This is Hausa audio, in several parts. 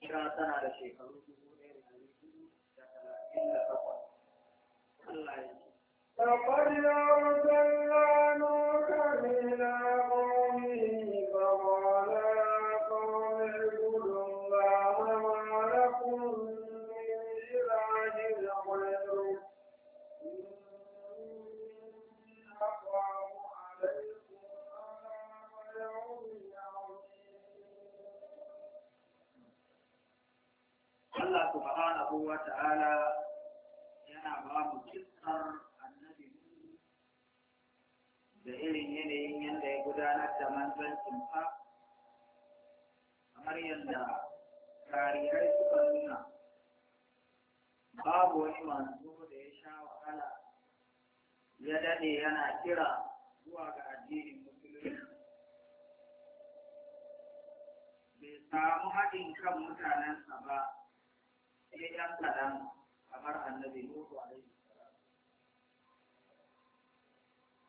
hijira tana da shekaru dubu ɗaya da ɗari da talatin da takwas Allah ya ce. لقد أرسلنا نوحا إلى subhanahu wa ta'ala yana ba mu kisar annabi da irin yanayin yadda ya gudanar da fa. kamar yadda kariyar suka nuna babu wani manzo da ya sha wahala ya dade yana kira zuwa ga addinin musulunci bai samu haɗin kan mutanensa ba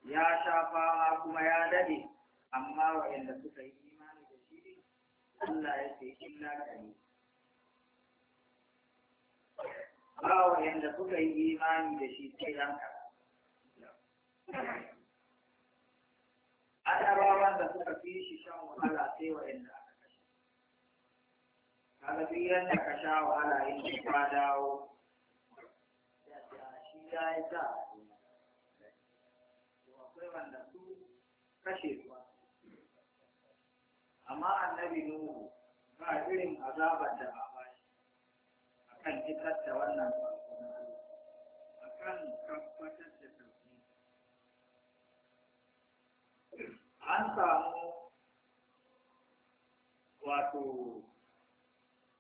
ya shafa fama kuma ya dade amma waɗanda suka yi imani da shi Allah ya ce illa kare ba waɗanda suka yi imani da shi sai ɗan kaɗan Ana rawan da suka fi shi shan wahala sai wa waɗanda kaga duk yadda ka sha wahala in ka dawo shi ya yi sa akwai wanda su kashe su amma annabi nuhu ba irin azabar da ba ba shi akan fitar da wannan akan tabbatar da tafi an samu wato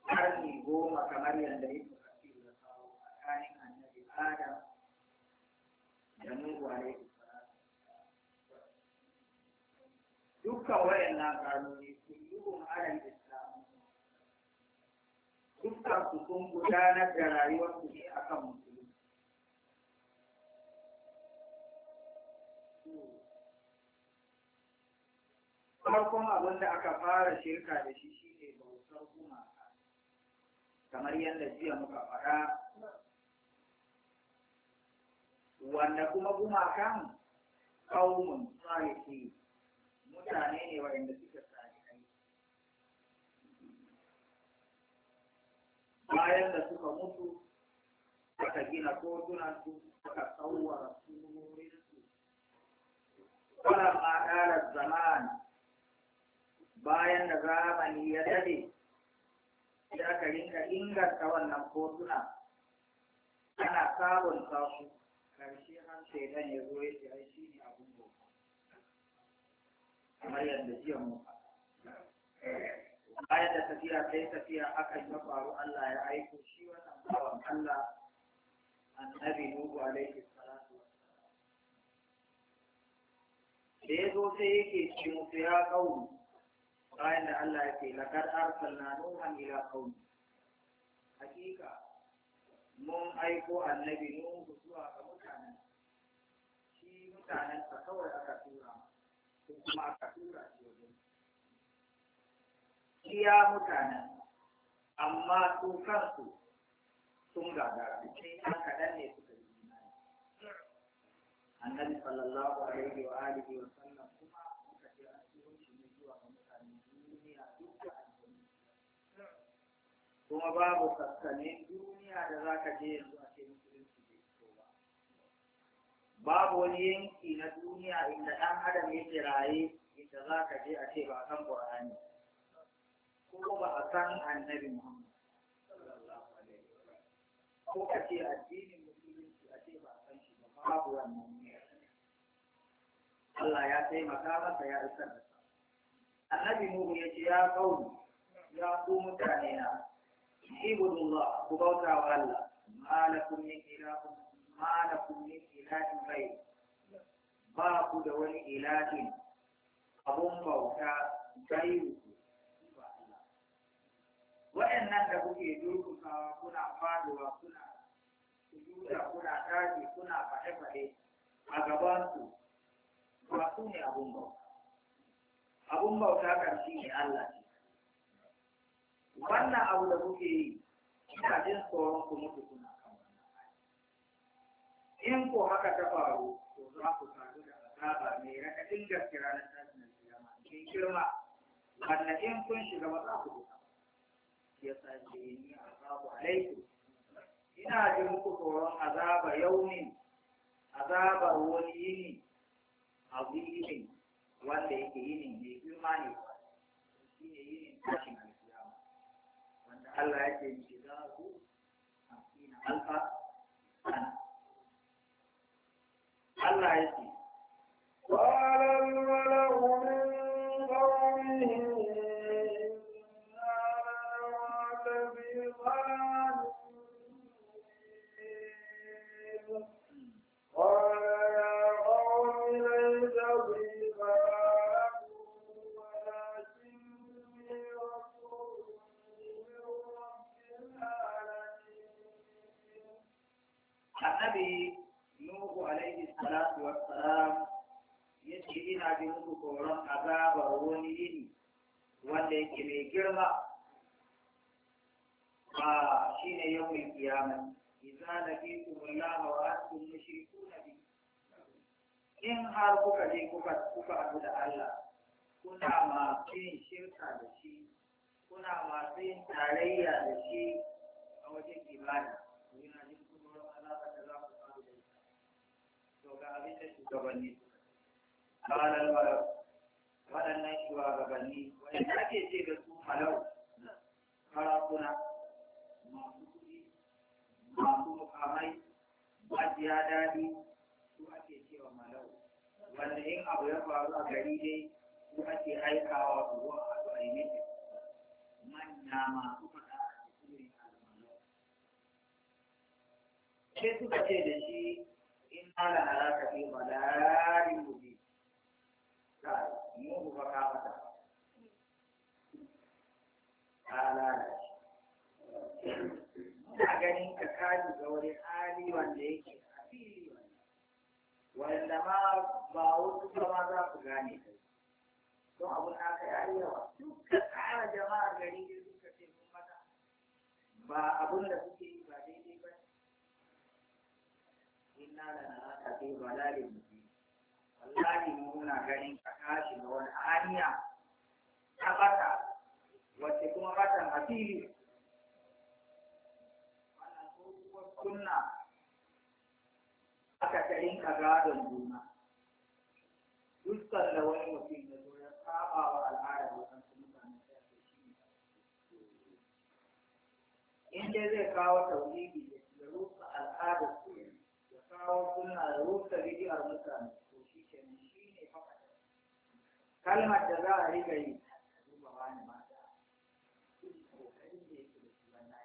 karni goma kamar yadda yake tafi da kawo tsakanin annabi adam da nuhu dukkan dukkan na karnoni kulluhum ala islam dukkan su sun gudanar da su ne a kan musulunci farkon abin da aka fara shirka da shi shine bautar gumaka kamar yadda jiya muka faɗa wanda kuma gumakan kaumun salihi mutane ne waɗanda suka salihai bayan da suka mutu aka gina kotunansu aka tsawara sunorinsu kwanan ma ƙarar zaman bayan da zamani ya daɗe sai aka rinka inganta wannan kotuna ana sabon su karshe har nan ya zo ya ce ai shi ne abin bauta kamar yadda jiya mu bayan da tafiya sai tafiya akan ya faru Allah ya aiko shi wannan bawan Allah annabi Nuhu alaihi salatu wassalam da ya zo sai yake ce ya kauni Bayan da Allah ya ce laqad arsalna nuhan ila qaumi hakika mun aiko annabi nuhu zuwa ga mutanen shi mutanen sa kawai aka tura ko kuma aka tura shi wajen iya mutanen amma su kansu sun gagara sai an kaɗan ne suka yi annabi sallallahu alaihi wa alihi wa sallam kuma babu kaskanin duniya da za ka je yanzu a ce musulunci bai fito ba babu wani yanki na duniya inda ɗan adam yake raye inda za ka je a ce ba a san ƙur'ani ko ba a san annabi muhammad ko ka ce addinin musulunci a ce ba a san shi ba babu wannan Allah ya taimaka masa ya isar da annabi Nuhu ya ce ya kauni ya ku mutane na اعبدوا الله كبوتا الله ما لكم من إله ما لكم من إله غير ba ku da wani ilahin abun bauta gairu ba Allah. Waɗannan da kuke durkusawa kuna faduwa kuna sujuda kuna tashi kuna faɗe-faɗe a gaban gabansu ba su ne abun bauta. Abun bauta ƙarshe ne Allah ne. wannan abu da kuke yi ina jin tsoron ku mutu kuna kan in ko haka ta faru to za ku sadu da azaba mai rakacin gaske ranar tashin a cikin girma wanda in kun shiga ba za ku duka ya sace ni azabu alaiku ina jin muku tsoron azaba yaumin azaba wani yini azimin wanda yake yinin mai girma ne shine yinin tashin Allah ya ce shi ku hamsina alfa Allah ya ce salatu wassalam ya ce ina bi muku tsoron azabar wani iri wanda yake mai girma ba shi ne yau mai kiyama iza na fi kumulla ma wa antum na bi in har kuka je kuka kuka abu da Allah kuna masu yin shirka da shi kuna masu yin tarayya da shi a wajen ibada yana ji to abin da shugabanni waɗannan shugabanni wanda ake ce da su farakuna masu kuɗi masu mukamai cewa malau wanda in abu ya faru a gari dai su ake aikawa su zuwa a zuwa manya faɗa Sai suka ce da shi kana halaka fi balalin mubi ka mu mu ba ka mata halala ina ganin ka kaji ga wani hali wanda yake a fili wanda ma ba wasu ba za su gane kai don abun haka ya yi yawa duk ka tsara jama'a gari ne suka ce mata ba abun da suke inna lanaraka fi mu ganin tashi ga wani hanya wacce kuma tsohuwar kunna aka ta rinka gadon juna dukkan da wani ya wa al'adar zai kawo tauhidi ya rufa al'adar kawo suna rusa bidiyar mutane to shi ke shi ne fakat kalmar da za a riga yi duba wani mata kokarin da yake da shi wannan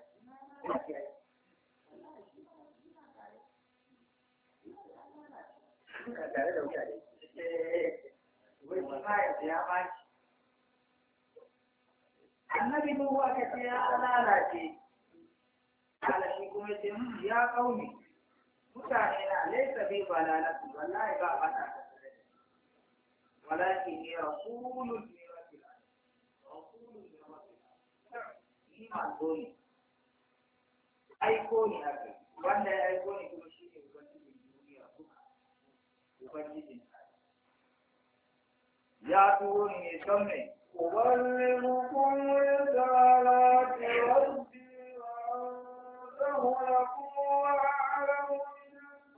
shi na tare da eh, ya ba shi ce ya lalace ala shi kuma ce hmm, ya ƙauni. mutane na laisa bi balalatu wallahi ba ba ta walakin ya rasulun ne rasul rasulun ne rasul ni ma zo ne aiko ne haka wanda ya aiko ne kuma shi ne ubangijin duniya kuma ubangijin ya turo ne ne don ne أبلغكم رسالات ربي وأنصح لكم وأعلم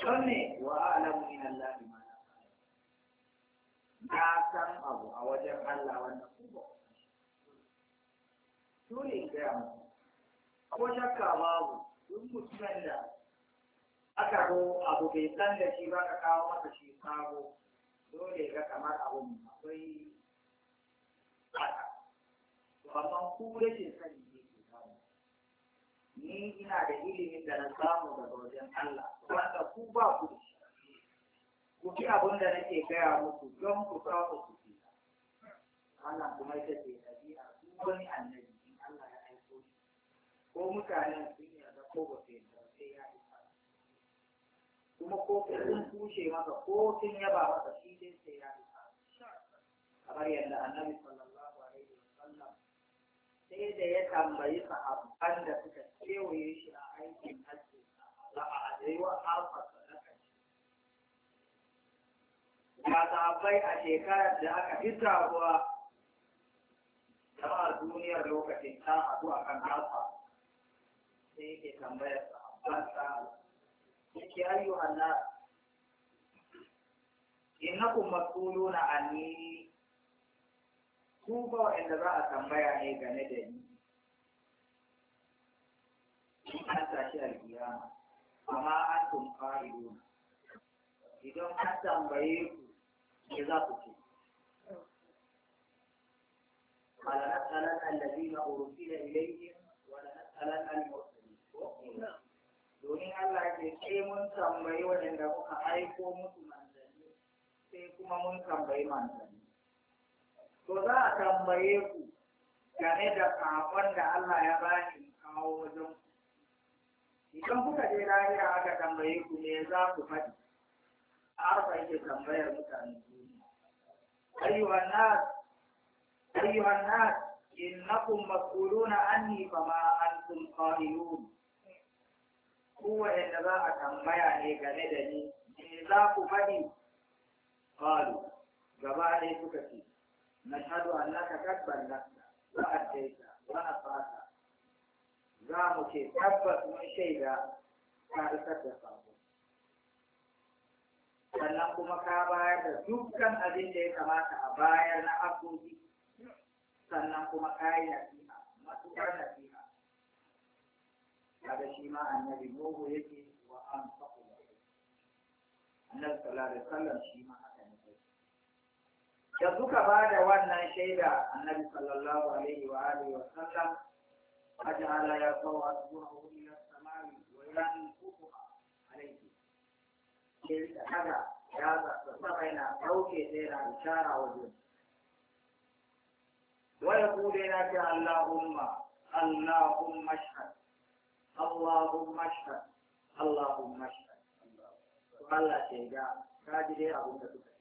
don ne wa alamu min Allah bi mana na san abu a wajen Allah wanda kuma su ne gaya mu ko shakka babu duk mutumin da aka zo abu bai san da shi ba ka kawo masa shi sabo dole ga kamar abun akwai haka to amma ku rashin sani ni ina da ilimin da na samu daga wajen Allah wanda ku ba ku da shi ku ji abin da nake gaya muku don ku samu ku ji wannan kuma ita ce ɗabi'a duk wani annabi in Allah ya aiko shi ko mutanen sun yarda ko ba su yarda sai ya isa kuma ko sun kushe maka ko sun yaba maka shi dai sai ya isa kamar yadda annabi sallallahu sai da ya tambayi sahabban da suka kewaye shi a aikin hajji la a arewa hafa sadaka ga sahabbai a shekarar da aka fita ruwa jama'ar duniyar lokacin ta haɗu a kan hafa sai yake tambayar sahabban sa yake ayyuhan nas innakum mas'uluna anni su ba wa'anda za a tambaya ne game da ni an tashi alkiyama amma an tun fa'ido idan an tambaye ku me za ku ce wala nas'alan allazina ursila ilayhim wala nas'alan al-mursalin domin Allah ke ce mun tambayi wajen da kuka aiko musu manzanni sai kuma mun tambayi manzanni to za a tambaye ku game da saƙon da Allah ya bani kawo wajen ku. Idan kuka je lahira aka tambaye ku ne za ku faɗi, arfa yake tambayar mutane duniya. Ayyuhan nas, ayyuhan nas, innakum mas'uluna anni fama antum qailun. Ku da za a tambaya ne game da ni, me za ku faɗi? Qalu, gaba ɗaya suka ce, نشهد أنك قد بلغت وأديت وأطعت زعمك تبت من شيء كارثة الصوم sannan kuma ka bayar da dukkan abin da ya kamata a bayar na abubuwa sannan kuma ka yi nasiha matuƙar nasiha kaga shi ma annabi nuhu yake wa an faɗi annabi sallallahu alaihi wasallam shi ma da suka ba da wannan shaida annabi sallallahu alaihi wa alihi wa sallam ajala ya kawo asbuhu ila samai wa yanfuha alaihi sai da haka ya zaba sama yana dauke sai yana ishara wajen wa yaqulu yana ce allahumma allahumma ashhad allahumma ashhad allahumma ashhad Allah ce ga ka ji dai abin da suka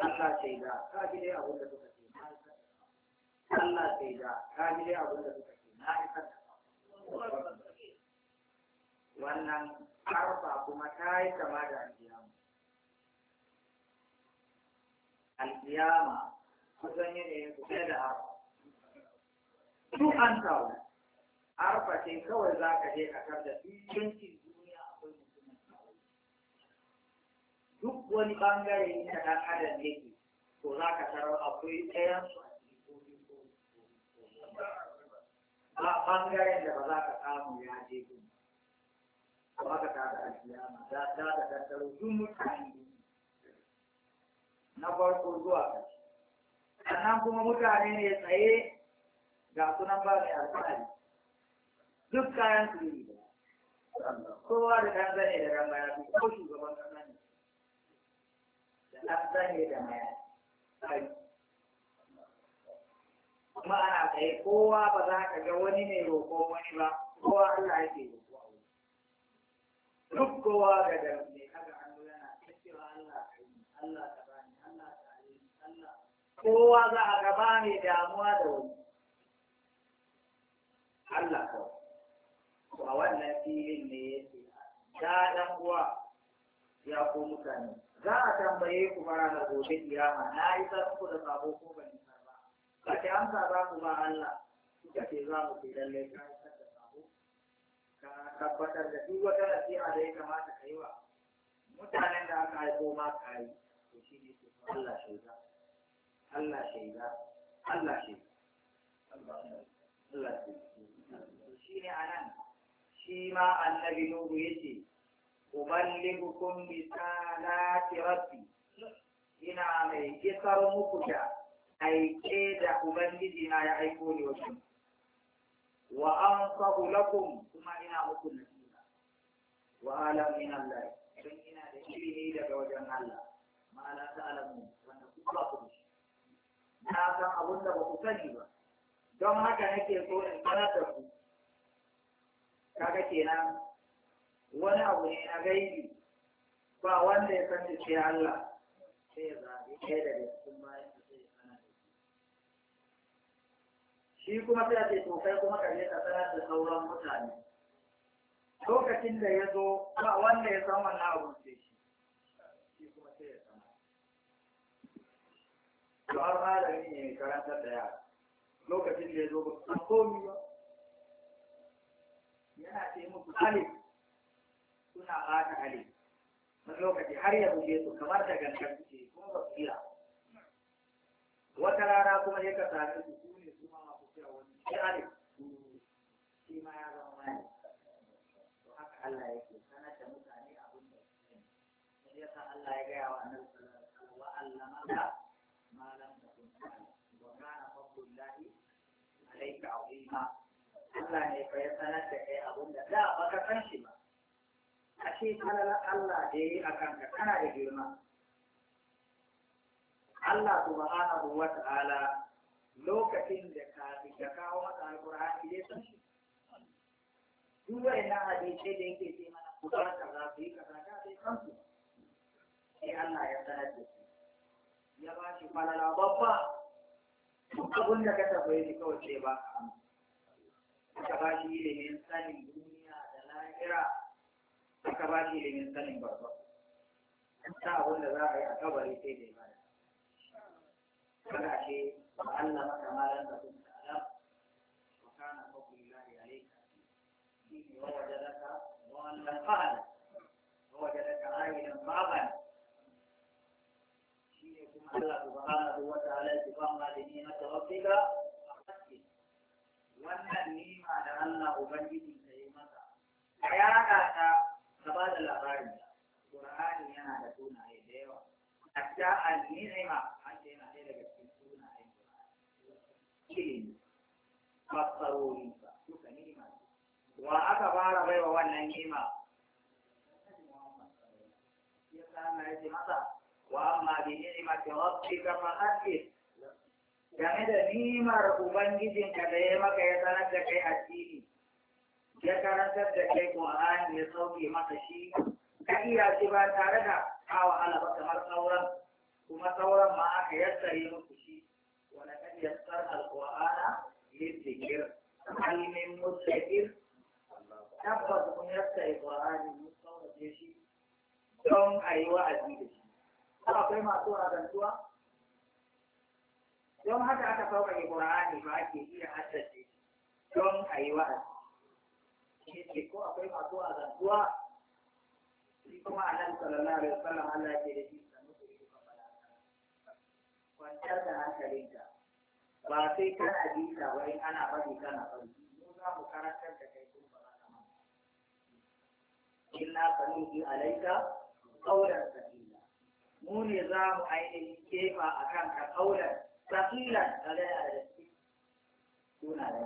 Allah sai da ka ji dai abin da suka ce na isa Allah sai da ka ji dai abin da suka ce na isa wannan arfa kuma ta yi kama da alkiyama alkiyama kusan yanayin kusa da arfa duk an kawo arfa ce kawai za ka je a kar da 20 duk wani bangare inda ɗan adam yake to za ka tarar akwai ɗayan su a cikin ba bangaren da ba za ka samu ya je gun ba ka tada alkiyama za ta da tattaro duk mutane na farko zuwa ƙarshe sannan kuma mutane ne tsaye ga sunan ba mai alfahari duk kayan su ne kowa da ɗan zane da ran baya ko shugaban ƙasa zane da mayafi kuma ana tsaye kowa ba za ka ga wani ne roƙo wani ba kowa Allah yake roƙo a wuri duk kowa ga da mai kaga hannu yana cewa Allah ka yi Allah ka bani Allah ka yi Allah kowa za a gaba mai damuwa da wani Allah kawai a wannan filin ne yake ya dan uwa ya ko mutane za a tambaye ku mara na gobe kiyama na yi ku da sabo ko ban yi ba ba ki amsa za ku ba Allah kuka ce za mu ke lalle ka yi da sabo ka tabbatar da duk wata nasiha da ya kamata ka yi wa mutanen da aka haifo ma ka yi to shi ne ke Allah shaida Allah shaida Allah shaida Allah shaida shi ne anan shi ma annabi ya ce? أبلغكم bisalati rabbi ina mai kisar muku da aike da Ubangiji na ya aiko ni wajen. Wa an sahu lakum kuma ina muku nasiha. Wa alam min Allah don ina da ilimi daga wajen Allah. Ma la ta'lamu wanda ku ba ku Na san abun da ba ku sani ba. Don haka nake so in sanar da ku. Kaga kenan wani abu ne a gaiki ba wanda ya san shi sai Allah sai ya zaɓi ɗaya daga cikin bayan da sai ya sanar da shi shi kuma sai a ce to kai kuma ka je ka sanar da sauran mutane lokacin da ya zo ba wanda ya san wannan abu sai shi shi kuma sai ya sanar to har da ne karantar da yara lokacin da ya zo ba san komi ba yana ce musu alif suna bata hali wani lokaci har ya buge su kamar da gangan suke kuma ba su iya wata rana kuma ya ka sami su su ne su ma masu kira wani shi ne shi ma ya zama mani to haka Allah ke sanar da mutane abin da shi ya sa Allah ya gaya wa annabi sallallahu alaihi wasallam wa allama ma lam takun wa kana fadlullahi alayka azima Allah ne fa ya sanar da kai abin da da baka san shi ba ashe kalalar Allah da ya yi a kanka kana da girma Allah subhanahu wa ta'ala lokacin da fi da kawo masa alkur'ani ya san shi duk wayannan hadisai da yake ce mana ku ta za ku yi kaza da bai san su sai Allah ya sanar da shi ya ba shi falala babba duk abin da ka tafi shi kawai sai ba ka ba shi ilimin sanin duniya da lahira aka ba shi ilimin sanin babba ta abin da za a yi a kabari sai da ibada kada ce wa Allah maka malan da kuma ta'ala wa kana fadlu lahi alayka shi ne wa wajadaka dhallan fa'ala wa wajadaka ayidan fa'ala shi ne kuma Allah subhanahu wa ta'ala ya ba ma da ni na tawaffika wannan nima da Allah ubangiji ya yi maka ya ta ka ba da labarin Qur'ani yana da sunaye da yawa hatta al-ni'ima an ce yana ɗaya daga cikin sunayen ilimi fassarori duka ni'ima wa aka fara baiwa wannan ni'ima ya kana ya ce masa wa amma bi ni'imati rabbika fa hadith game da nimar ubangijinka da ya maka ya sanar da kai addini ya karantar da kai Qur'ani ya sauke maka shi ka iya shi ba tare da kawo alaba kamar sauran kuma sauran ma aka yassare muku shi wala kad yassar al-Qur'ana lizikir hal min musaddir tabbas kun yassare Qur'ani mun sauke shi don ayi wa'azi da shi akwai masu azantuwa don haka aka sauƙaƙe Qur'ani ba ake iya haddace don ayi wa'azi shi ne ko akwai masu azantuwa shi kuma a nan sallallahu alaihi wasallam Allah ya ce da shi sanu ku yi ka fara kwantar da hankalinka ba sai kana jita wai ana bari kana bari mu za mu karantar da kai kuma ba za ka illa sanuki alaika qawlan sakila mu ne za mu ainihin kefa akan ka qawlan sakila da da suna da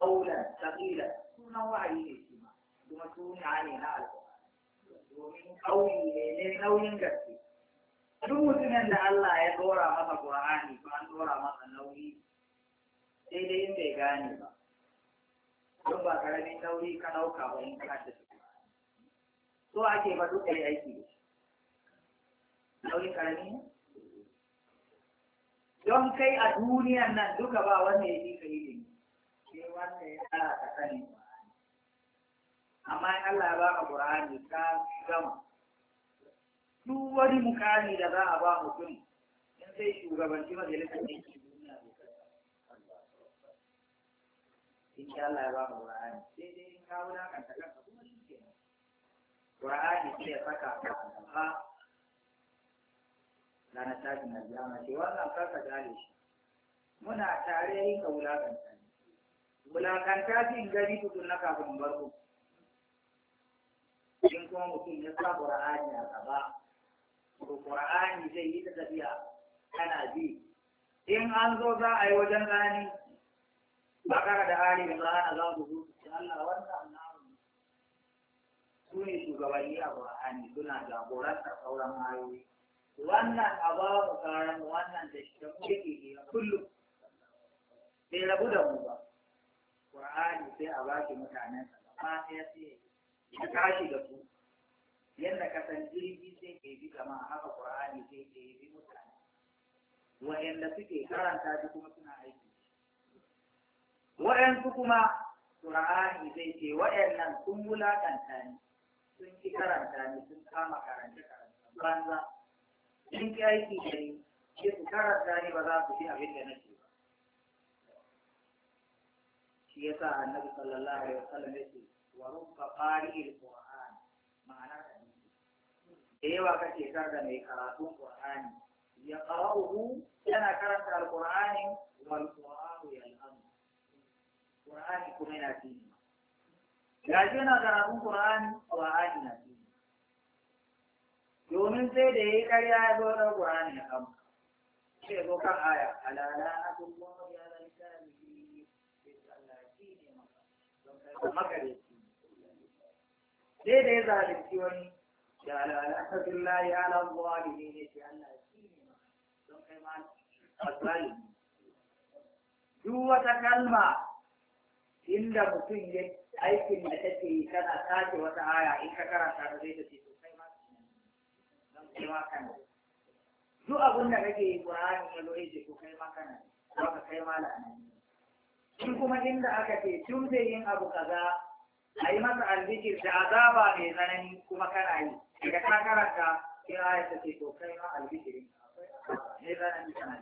qawlan sakila sunan wa'ayi ne shi ma kuma suna ne na alƙur'ani domin ƙauye ne ne nauyin gaske duk mutumin da Allah ya dora masa Qur'ani ko an dora masa nauyi sai dai in bai gane ba don ba karamin nauyi ka nauka ba in ka tafi so ake ba duk kai aiki da shi nauyi karami don kai a duniyan nan duka ba wanda ya yi ka ne, sai wanda ya tsara ka sani ba amma in Allah ya ba ka Qur'ani ka gama duk wani mukami da za a ba mutum in zai shugabanci majalisar ɗinki duniya in sha Allah ya baka Qur'ani sai dai in ka ta kanka kuma shi ke Qur'ani sai ya saka ka gaba ranar tashin aljama ce wannan karka gane shi muna tare yin ka wulakanta ne wulakanta shi in gani tukun na kafin barko in kuma mutum ya sa qur'ani a gaba to qur'ani zai yi ta tafiya ana bi in an zo za a yi wajen rani bakara da ali da rana za su zo su Allah wannan namu su ne shugabanni a qur'ani suna jagorantar sauran ayoyi wannan mu karan wannan da shi da kuke yake yi kullum bai rabu da mu ba qur'ani sai a baki mutanen sa ba sai sai ka tashi da su yadda ka san jirgi sai ke bi kama haka ƙur'ani sai ka bi mutane Waɗanda suke karanta shi kuma suna aiki Waɗansu kuma ƙur'ani sai ke waɗannan sun wulaƙanta ni sun ki karanta ni sun kama karanta karanta banza sun ki aiki da ni sai su karanta ni ba za su fi abin da nake ba shi ya sa annabi sallallahu alaihi wasallam ya ce wa rubba qari'il qur'an ma'anar hadisi da yawa kake tar da mai karatun qur'ani ya qara'uhu yana karanta alqur'ani wal qur'anu yal'amu qur'ani kuma yana tini gashi yana karatun qur'ani qur'ani na tini domin sai da yi karya ya zo da qur'ani ya kama sai zo kan aya alala atullahi ala lisanihi ya sallati ne maka don kai makareci sai da ya zalunci wani da al'asafin layi ala zuwa da ne ne ce Allah shi ne don kai ma asali duk wata kalma inda mutum ya aikin da take yi kana tace wata aya in ka karanta da zai ta ce to kai ma don kai ma kana duk abin da kake yi Qur'ani ya zo yake to kai ma kana ko ka kai ma la'ana shi kuma inda aka ce tun zai yin abu kaza a masa albikir da azaba mai tsanani kuma kana yi daga ta karanta sai ayat ta ce to kai ma albikirin ne tsanani kana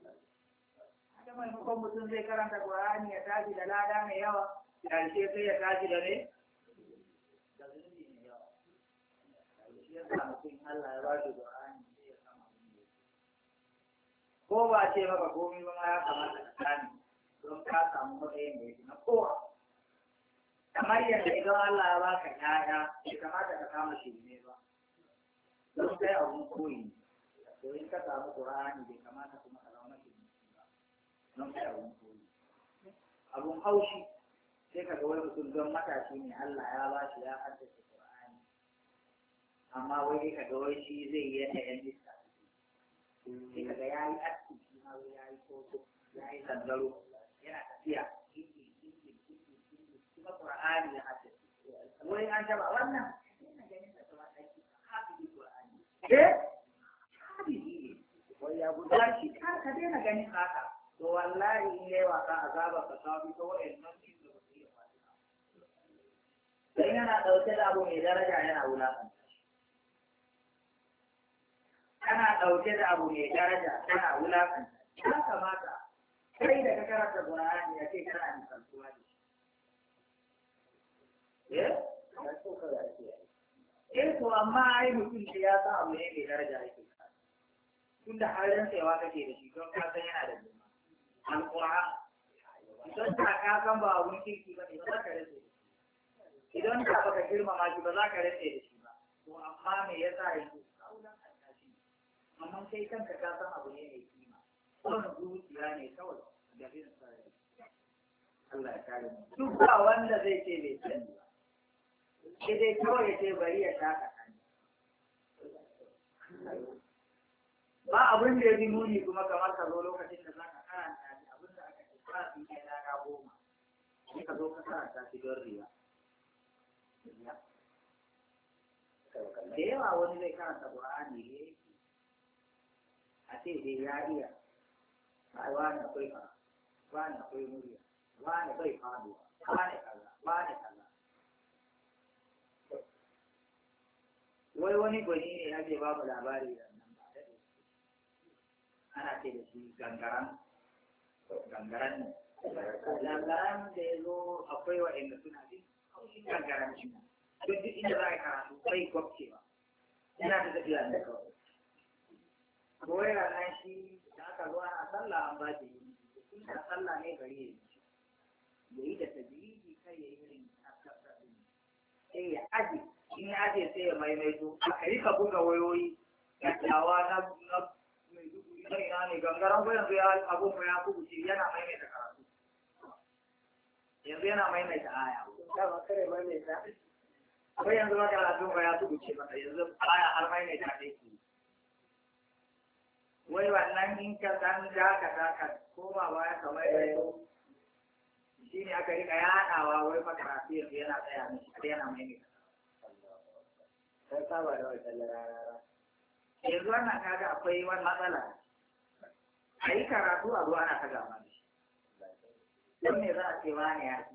yi ta maimakon mutum zai karanta Qur'ani ya tashi da lada mai yawa da ƙarshe sai ya tashi da ne da zunubi mai yawa yasa mutum Allah ya ba shi Qur'ani sai ya kama ko ba ce maka komai ba ma ya kamata ka sani don ka samu matsayin da yake na kowa kamar yadda idan Allah ya baka ƴaƴa bai kamata ka kama shi ne ba don kai abun koyi to in ka samu Qur'ani bai kamata kuma ka zama shi ba don kai abun koyi abun haushi sai ka ga wani mutum don matashi ne Allah ya ba shi ya haddace Qur'ani amma wai ka ga wai shi zai yi yadda ƴan lissa sai ka ga ya yi aski shi ma ya yi koko ya yi sandaro yana tafiya Qur'ani ya haddace wurin an taba wannan eh? yana ganin da zama ɗaki hafizi ya ka to in da da daraja yana kana da abu mai daraja kana ya kamata kai da ka karanta Qur'ani ya kana Eh? eh to amma ai mutum da ya sa abu ne mai daraja yake tun da halin tsayawa kake da shi don ka san yana da girma alƙur'an idan ta ka san ba abun kirki ba ne ba za ka rage idan da baka girmama shi ba za ka rage da shi ba to amma me yasa yake kaulan alƙashi amma kai kanka ka san abu ne mai kima kawai zuciya ne kawai da bin sarari Allah ya kare mu duk ba wanda zai ce bai sani ba sai dai kawai ya ce bari ya shaka ba abin da ya bi nuni kuma kamar ka zo lokacin da za ka karanta ne abin da aka ce ba su yi rana goma sai ka zo ka karanta shi don riya da yawa wani zai karanta ƙur'ani ne a ce dai ya iya ba wani akwai ba wani akwai murya wani bai faduwa wani kaza wani kaza wai wani gwani ne ya ce babu labari da nan ba ana ce da shi gangaran gangaran ne gangaran da ya zo akwai wa'anda suna jin gangaran shi ne. duk duk inda za a karatu bai gwabcewa yana da tafiya da kawai goyi rana shi da aka zuwa a sallah an ba da yi da sallah ne gari ya yi ya yi da tajiriji kai ya yi irin sai ya aji in ya sai ya maimaito yi ka buga wayoyi dattawa na mai na ina ne gangaren yanzu ya ya yana maimaita karatu yanzu yana maimaita aya yanzu ba karatu ba ya aya har maimaita ke wai wannan in ka san da ka da ka koma baya kamar yau shi ne aka rika yadawa wai fa karatu yanzu yana tsaya yana maimaita saba da wajen rarara yanzu wannan kaga akwai wani matsala a yi karatu a zuwa na ta gama don me za a ce wani ya ci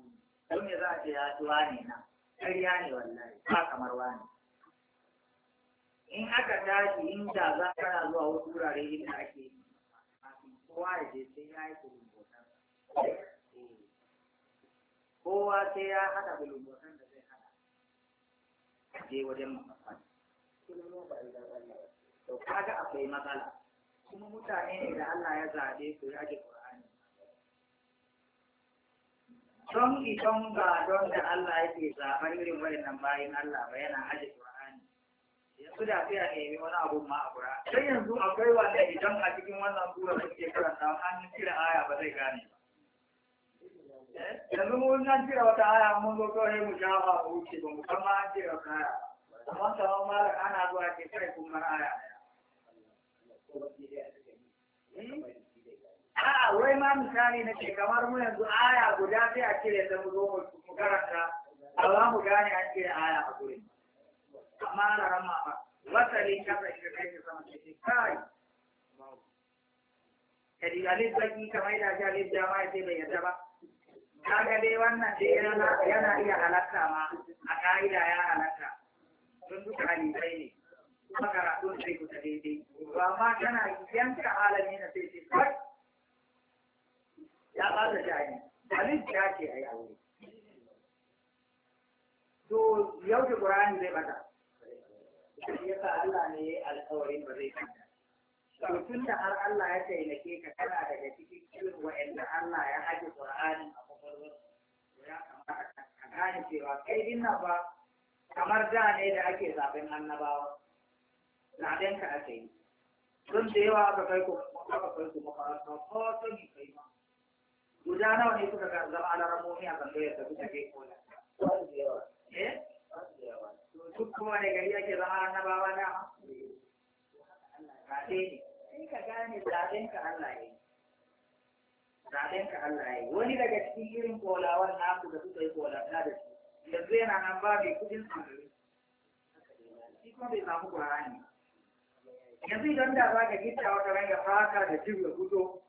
don me za a ce ya ci wani na ƙarya ne wallahi ba kamar wani in aka tashi inda za a kana zuwa wasu wurare inda ake yi kowa ya je sai ya yi kulumbotan eh, kowa sai ya haɗa kulumbotan da zai haɗa je wajen mafafan ba ba idan to kaga akwai matsala kuma mutane ne da Allah ya zaɓe su rage Qur'ani don idan ba don da Allah yake zaɓar irin waɗannan bayan Allah ba yana aje Qur'ani yanzu da sai a nemi wani abu ma a Qur'ani sai yanzu akwai wanda idan a cikin wannan sura da ke karanta an cire aya ba zai gane ba eh? yanzu mun nan cire wata aya mun zo kawai mu shafa mu wuce ba mu san ma an cire wata aya ba amma kawo mara ana zuwa ke kare kuma aya a'a wai ma misali na ke kamar mu yanzu aya guda sai a cire ta mu zo mu karanta Allah mu gane an aya amma ana rama ba wasali ka sai ka sama ke kai kadi alif baki kamar da ji alif da ma sai bai yarda ba kaga dai wannan yana iya halatta ma a ƙa'ida ya halatta don duka alibai ne kuma karatun sai kusa daidai ba ma tana yanka alami na sai sai kwat ya ba ta jani alif ya ce a yawo to yau da ƙura'ani zai bata sa Allah ne ya yi alƙawarin ba zai kanta to tun da har Allah ya taimake ka kana daga cikin irin wa'anda Allah ya haɗe ƙura'ani a kwakwalwar ya kamata ka gane cewa kai dinna ba kamar da ne da ake zaben annabawa na ka ake yi don da yawa aka kai ku aka kai ku makaranta ko sun yi kai ma guda nawa ne suka ga zama alarmomi a zangayar da suka kai kola eh duk kuma ne gari ake zama annabawa na zaɓe ne sai ka gane zaɓenka Allah ya yi Allah ya yi wani daga cikin irin kolawar naku da suka yi kola na da shi yanzu yana nan ba mai kudin samari shi kuma bai samu ƙurani yanzu idan da ba ka gita wata ranga fata da jin ya fito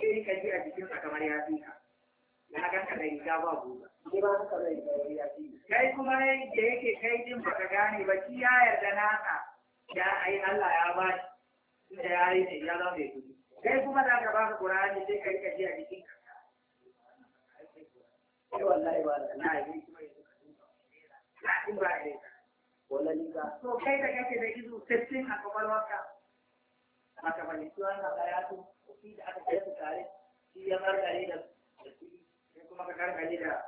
ke rika ji a jikinsa kamar ya fi ka ya ganka da riga ba buga kai kuma da yake kai ba ka gane ba shi ya yarda naka ya ai Allah ya ba shi da ya yi ne ya zama mai kudi kai kuma da ka ba ka Qur'ani sai kai ka ji a jikin ka wallahi wallahi in ba kai da kake da izu a kwakwalwarka haka na da aka kai su shi ya da kuma ka karkare da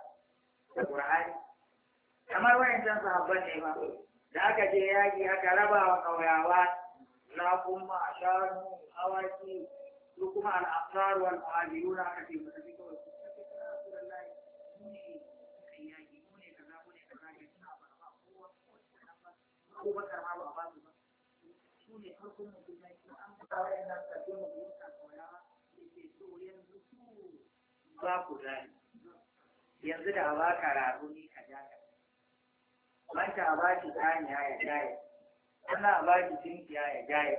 kamar wayancan sahabban ne ba aka je yaƙi aka raba wa ƙauyawa na kuma aka ce musu fito abubakar ma ba a basu ba su ne farkon mutum na kuma an ba wa yana sabbin mutum ka koya da ke so yanzu su ba ku gani yanzu da ba ka raru ni ka ja ka wanda ba shi tsaniya ya jaye ana ba shi tinkiya ya jaye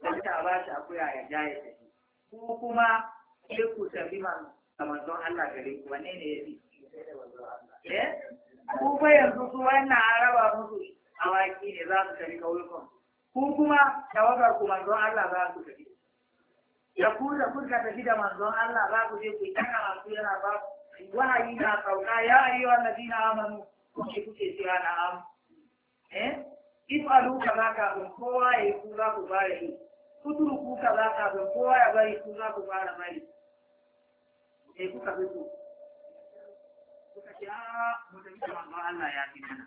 wanda ba shi akuya ya jaye da shi ko kuma ke ku tafi man manzon Allah gare ku wanne ne ya fi eh ku ba yanzu su wannan araba raba musu awaki ne za su tafi kauyukan ku kuma tawagar ku manzon Allah za su tafi ya ku da ku ka tafi da manzon Allah za ku je ku yi masu yana ba wahayi na kauka ya wa ladina amanu ku kuke kuke cewa na am eh in ifalu ka kafin kowa ya yi ku za ku fara yi kuturu ka kafin kowa ya bari ku za ku fara bari sai kuka fito kuka ce a mutum da manzon Allah ya fi mana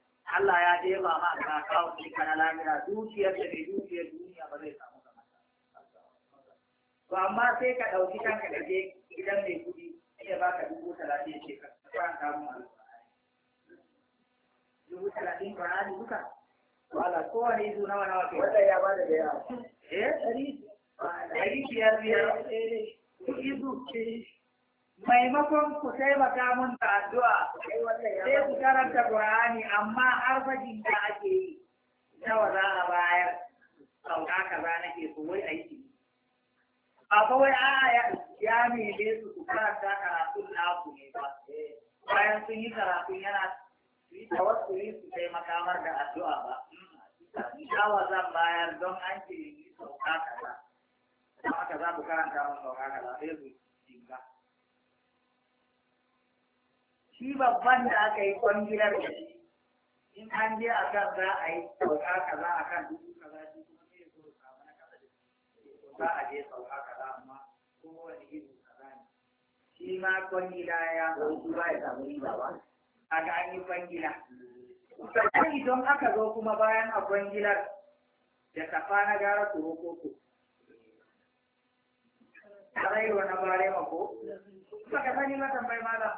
Allah ya jefa ma ka kawo shi kana lamira dukiyar da bai dukiyar duniya ba zai samu kamar to amma sai ka ɗauki kanka da je gidan mai kuɗi sai ba ka dubu talatin ce ka karanta mu alƙur'ani dubu talatin na duka wala kowane izu nawa nawa ke wanda ya ba da yawa eh ɗari ɗari biyar biyar maimakon ku taimaka mun da addu'a sai ku karanta Qur'ani amma har arfajin da ake yi nawa za a bayar sauka kaza nake so wai aiki ba wai a'a ya ya su ku karanta karatun naku ne ba bayan sun yi karatun yana su yi tawassuli su taimaka mar da addu'a ba nawa zan bayar don an ce sauka kaza ka za ku karanta mun sauka kaza sai su shi babban da aka yi kwangilar da shi in an je a kan za a yi sauka kaza a kan dubu kaza shi kuma zai zo ka mana kaza da shi za a je sauka kaza amma kowane irin kaza ne shi ma kwangila ya zo ba ya samu riba ba a ga an yi kwangila sannan idan aka zo kuma bayan a kwangilar da kafa na gara ku roko ku a rayuwa na bare mako kuma ka sani ma tambayi malam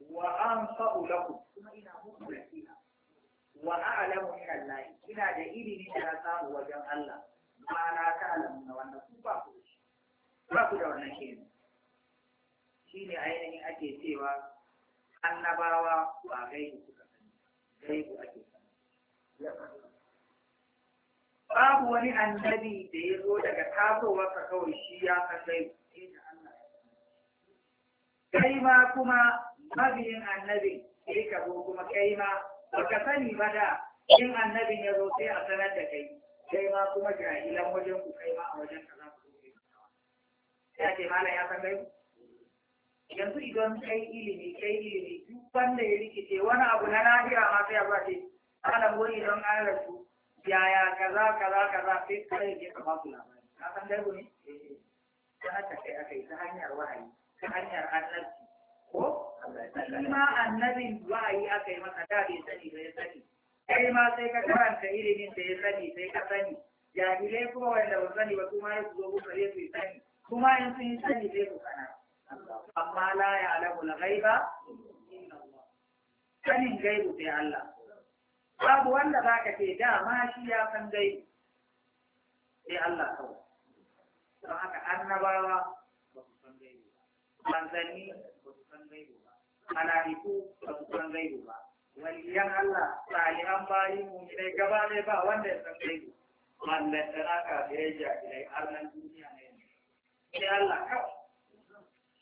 wa anfa'u lakum kuma ina muku nasiha wa a'lamu min Allah ina da ilimi da na samu wajen Allah na ku shine ainihin ake cewa annabawa ba gaibu suka sani gaibu ake sani babu wani annabi da ya zo daga tasowarsa kawai shi ya san gaibu sai da Allah ya sani kai ma kuma mabiyin annabi sai ka zo kuma kai ma ka sani ba da in annabin ya zo sai a sanar da kai kai ma kuma jahilan wajen ku kai ma a wajen ka za ku zo ya ce mala ya san kai yanzu idan kai ilimi kai ilimi duk wanda ya rikice wani abu na lahira ma sai a ba ce malam wani don an rasu yaya kaza kaza kaza sai kai ya ka ba ku labari ka san dai ku ne eh, eh. ta haka sai aka yi ta hanyar wahayi ta hanyar annabi ko shi ma annabin wa'ayi aka yi masa da bai sani bai sani kai ma sai ka karanta ilimin da ya sani sai ka sani jahilai kuma wanda ba sani ba kuma ya zo kuka ya su sani kuma in sun yi sani sai ku kana amma la ya alamu na gai ba? sanin gaibu sai Allah babu wanda za ka ce dama shi ya san gaibu sai Allah kawai don haka annabawa ba su san gaibu manzanni ba su san gaibu malaiku da kusan gaibu ba waliyan Allah salihan bayi mu ne gaba ne ba wanda ya san gaibu mallaka na kafirai jahilai arnan duniya ne sai Allah kawai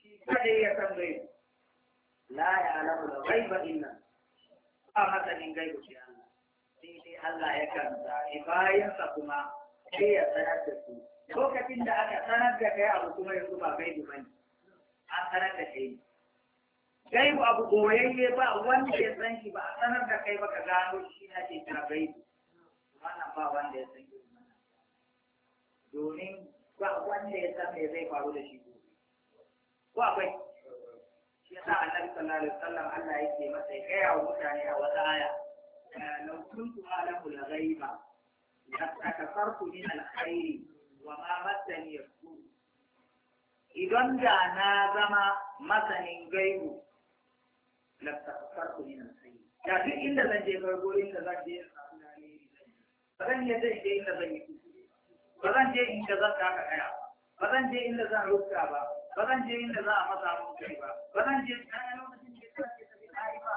shi kada ya san gaibu la ya alamu da gaiba inna ba masanin gaibu shi Allah sai dai Allah ya kan zaɓi bayansa kuma sai ya sanar da su lokacin da aka sanar da kai abu kuma yanzu ba gaibu bane an sanar da kai gaibu abu goyayye ba wanda ya san shi ba a sanar da kai ba ka gano shi na ke kira wannan ba wanda ya san domin ba wanda ya san mai zai faru da shi ko akwai shi sa annabi sallallahu alaihi wasallam Allah yake masa ya gaya wa mutane a wata aya لو كنت أعلم الغيب لكفرت alkhairi wa ma مسني السوء idan da na zama masanin gaibu na ni ku ne ya duk inda zan je farko in inda zan je in samu na ne ba zan iya zai je inda zan yi ba zan je inda zan taka kaya ba zan je inda zan rukka ba ba zan je inda za a masa mun kai ba ba zan je na lokacin da ya ke tafi tari ba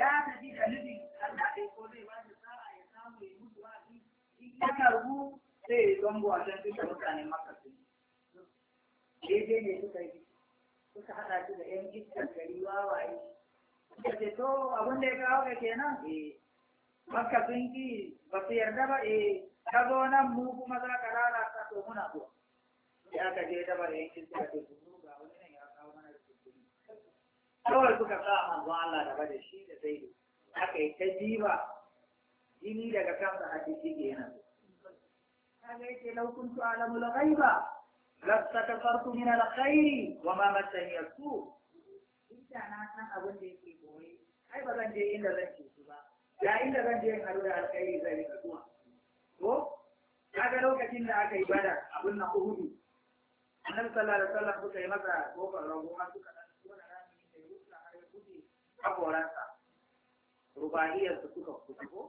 ya tafi da nufin Allah dai ko zai ba shi sa'a ya samu ya mutu wa in ya karbu zai yi zango a can duka mutanen makasai daidai ne suka yi suka hada shi da ‘yan iskar gari wawaye. Suka ce, to abin da ya kawo ka kenan? Eh. Makka sun ki ba su yarda ba eh ka zo nan mu kuma za ka lalata to muna zuwa. Sai aka je da bare yan iskar ce su ga wani nan ya kawo mana da kuskure. Kawai suka sa manzon Allah da bada shi da da Aka yi ta jiba jini daga kansa a jiki kenan. Kaga yake laukun su alamu la لست كفرت من الخير وما مسني السوء إذا أنا كان أبن ديكي بوي أي بغن دي إلا بغن Da سبا لا إلا بغن دي أرود الخير زي كتوان ko kaga lokacin da aka yi bada abin na uhudu annabi sallallahu alaihi wasallam suka yi masa kofar rago har suka dan tona rami da yusa har ya kuje aboransa rubahiyar su suka kusa ko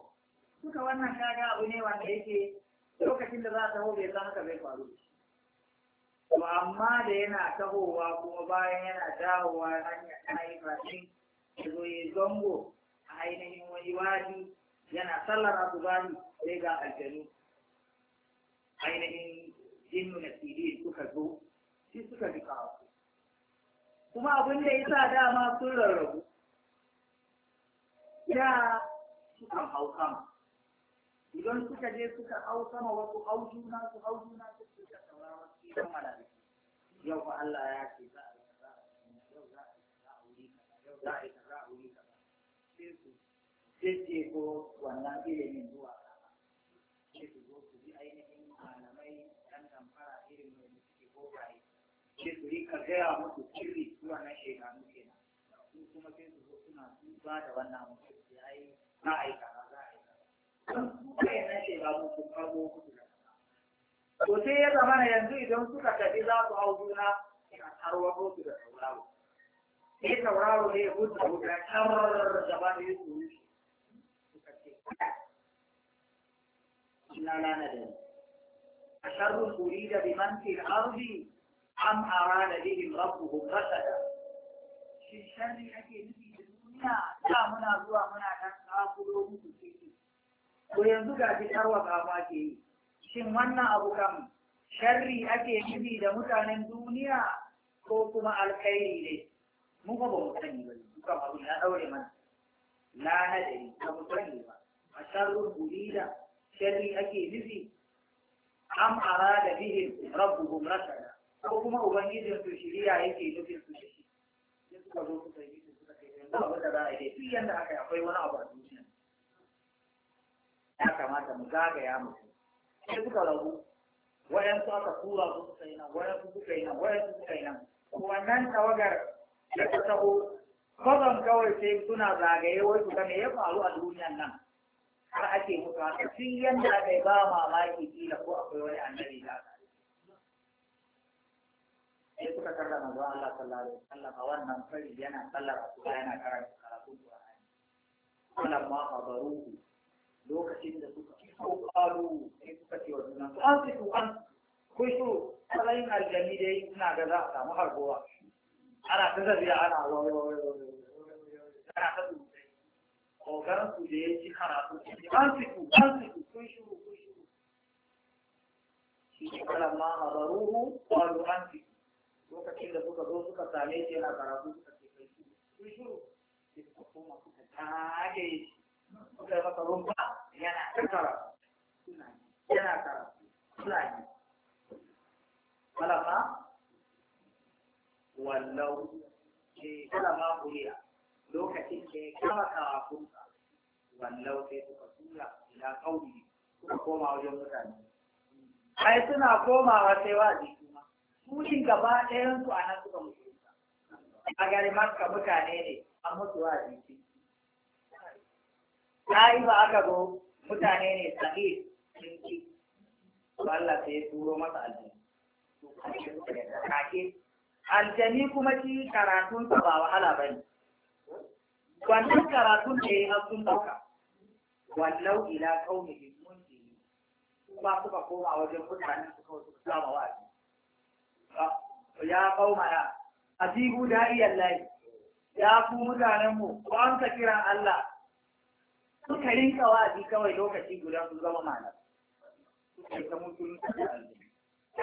suka wannan kaga abu ne wanda yake lokacin da za ta hobe san haka bai faru da shi to amma da yana tahowa kuma bayan yana dawowa hanyar yi din zo yi zango a ainihin wani wadi yana sallar azubani sai ga aljanu ainihin jinnu na tsiri suka zo shi suka bi kawo kuma abin da ya sa dama sun rarrabu da suka hau sama idan suka je suka hau sama wasu hau juna su hau juna su suka idan mana yau fa Allah ya ce za a yi yau za a yi kaza a wuri za a yi za a wuri kaza sai su sai ce ko wannan ilimin zuwa kaza sai su zo su bi ainihin malamai dan tamfara irin wanda suke bokaye sai su rika gaya musu sirri zuwa na shekaru kenan su kuma sai su zo suna duba da wannan mutum ya yi. za a yi kaza za a yi kaza. Kuma yana shekaru su kawo kudu to sai ya zama yanzu idan suka tafi za su hau juna a tarwako su da tauraro sai tauraro ne ya gudu wuta tarar da ba da yi su yi suka ce ina lana da ni a sharrun da biman fil arzi am arada bihim rabbuhum rasada shin sharri ake nufi da duniya da muna zuwa muna dan kafulo muku ciki to yanzu ga fitarwa ba ma ke yi shin wannan abu kan sharri ake nufi da mutanen duniya ko kuma alkhairi ne mu ba mu sani ba duka abu na daure mana la hadari ba mu sani ba a sharrun gulida sharri ake nufi am arada bihi rabbuhum rashada. ko kuma ubangijin su shiriya yake nufin su shi suka zo su kai, su suka kai yanzu abin da za a yi duk yanda aka akwai wani abu a duniya ya kamata mu zagaya mutum sai suka rabu wayansu aka tura su suka yi nan su suka yi nan wayansu suka yi nan wannan tawagar da ta taho kwazon kawai sai suna zagaye wai su ga me ya faru a duniyan nan har ake mutu haka tun yadda bai ba mamaki kila ko akwai wani annabi da aka sai suka karra manzo Allah sallallahu alaihi wasallam a wannan fari yana sallar asuba yana karanta karatun Qur'ani. Wannan ma habaruhu lokacin da suka iso ƙaru sai suka ce wa juna an fito an kun so tsarayin aljami dai suna ga za a samu harbowa ana ta zabiya ana ana ta su da ya ci karatu an fito an shi an lokacin da suka zo suka same karatu suka ce koma yana ta suna lokacin da ya kama wallau sai suka tura koma wajen mutane ai suna komawa sai wazi kuma su gaba ɗayan su a nan suka mutu a garin mutane ne an mutu wazi ba aka zo mutane ne sahih sun Allah sai ya turo masa aljanu kake aljani kuma ci karatun ba wahala ba ne wannan karatun da ya yi sun dauka wallau ila kaunihi munji ba kuka koma wajen mutane su kawai su kama wa'azi ah, ya kaumana azihu da'iyallahi ya ku mutanenmu ku ka kiran Allah suka rinka wa'azi kawai lokaci guda su zama malam suka ta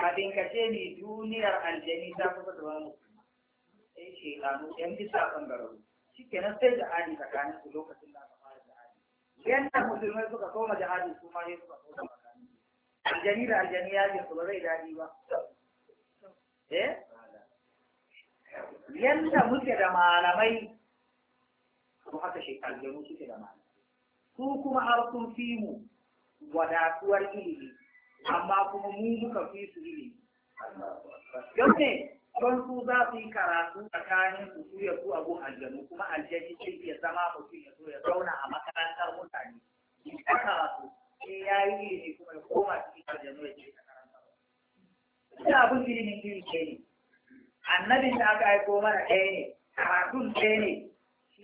kafin ka ce ni duniyar aljani ta kusa da wani musulma sai shekanu yan bisa ɓangarori shi kenan sai da ani tsakanin su lokacin da aka fara da ani yadda musulmai suka koma da ani su ma suka koma tsakanin aljani da aljani yajin su ba zai daɗi ba eh yadda muke da malamai to haka shekaru suke da malamai su kuma har sun fi mu wadatuwar ilimi amma kuma mu muka fi su ilimi don ne don su za su yi karatu tsakanin su su ya su abun aljanu kuma aljanu sai ya zama mutum ya zo ya zauna a makarantar mutane in ta karatu sai ya yi ilimi kuma ya koma cikin aljanu ya ce makarantar ina abun ilimin iri ne annabin da aka aiko mana ɗaya ne karatun ɗaya ne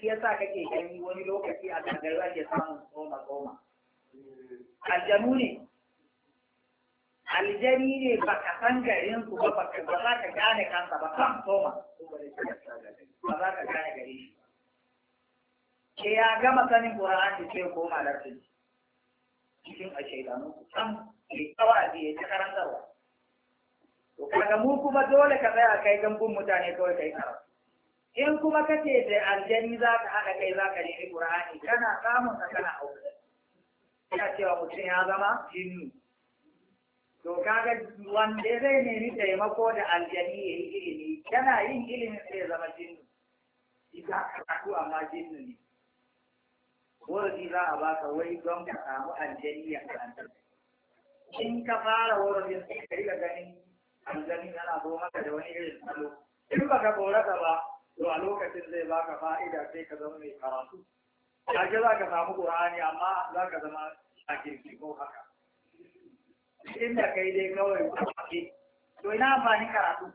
shi yasa kake gani wani lokaci a gangar ake samun tsoma tsoma aljanu ne aljani ne ba ka san garin su ba ba za ka gane kansa ba kan tsoma ba za ka gane gari ke ya gama sanin Qur'ani sai koma larabci cikin a shaidanu sam ke tsawa ya ta karantarwa to kaga mu kuma dole ka tsaya kai gambun mutane kawai kai karatu in kuma ka ce da aljani za ka haɗa kai za ka nemi ƙura'ani kana samun ka kana auku ina cewa mutum ya zama jini to kaga wanda zai nemi taimako da aljani ya yi ilimi yana yin ilimin sai ya zama jinnu idan karatu amma jini ne wurdi za a baka wai don ka samu aljani ya karanta in ka fara wurin ka riga ganin aljani yana zo maka da wani irin salo in baka borata ba to a lokacin zai baka fa'ida sai ka zama mai karatu kage za ka samu ƙorani amma za ka zama a shakirki ko haka inda kai dai kawai kake to ina amfani karatu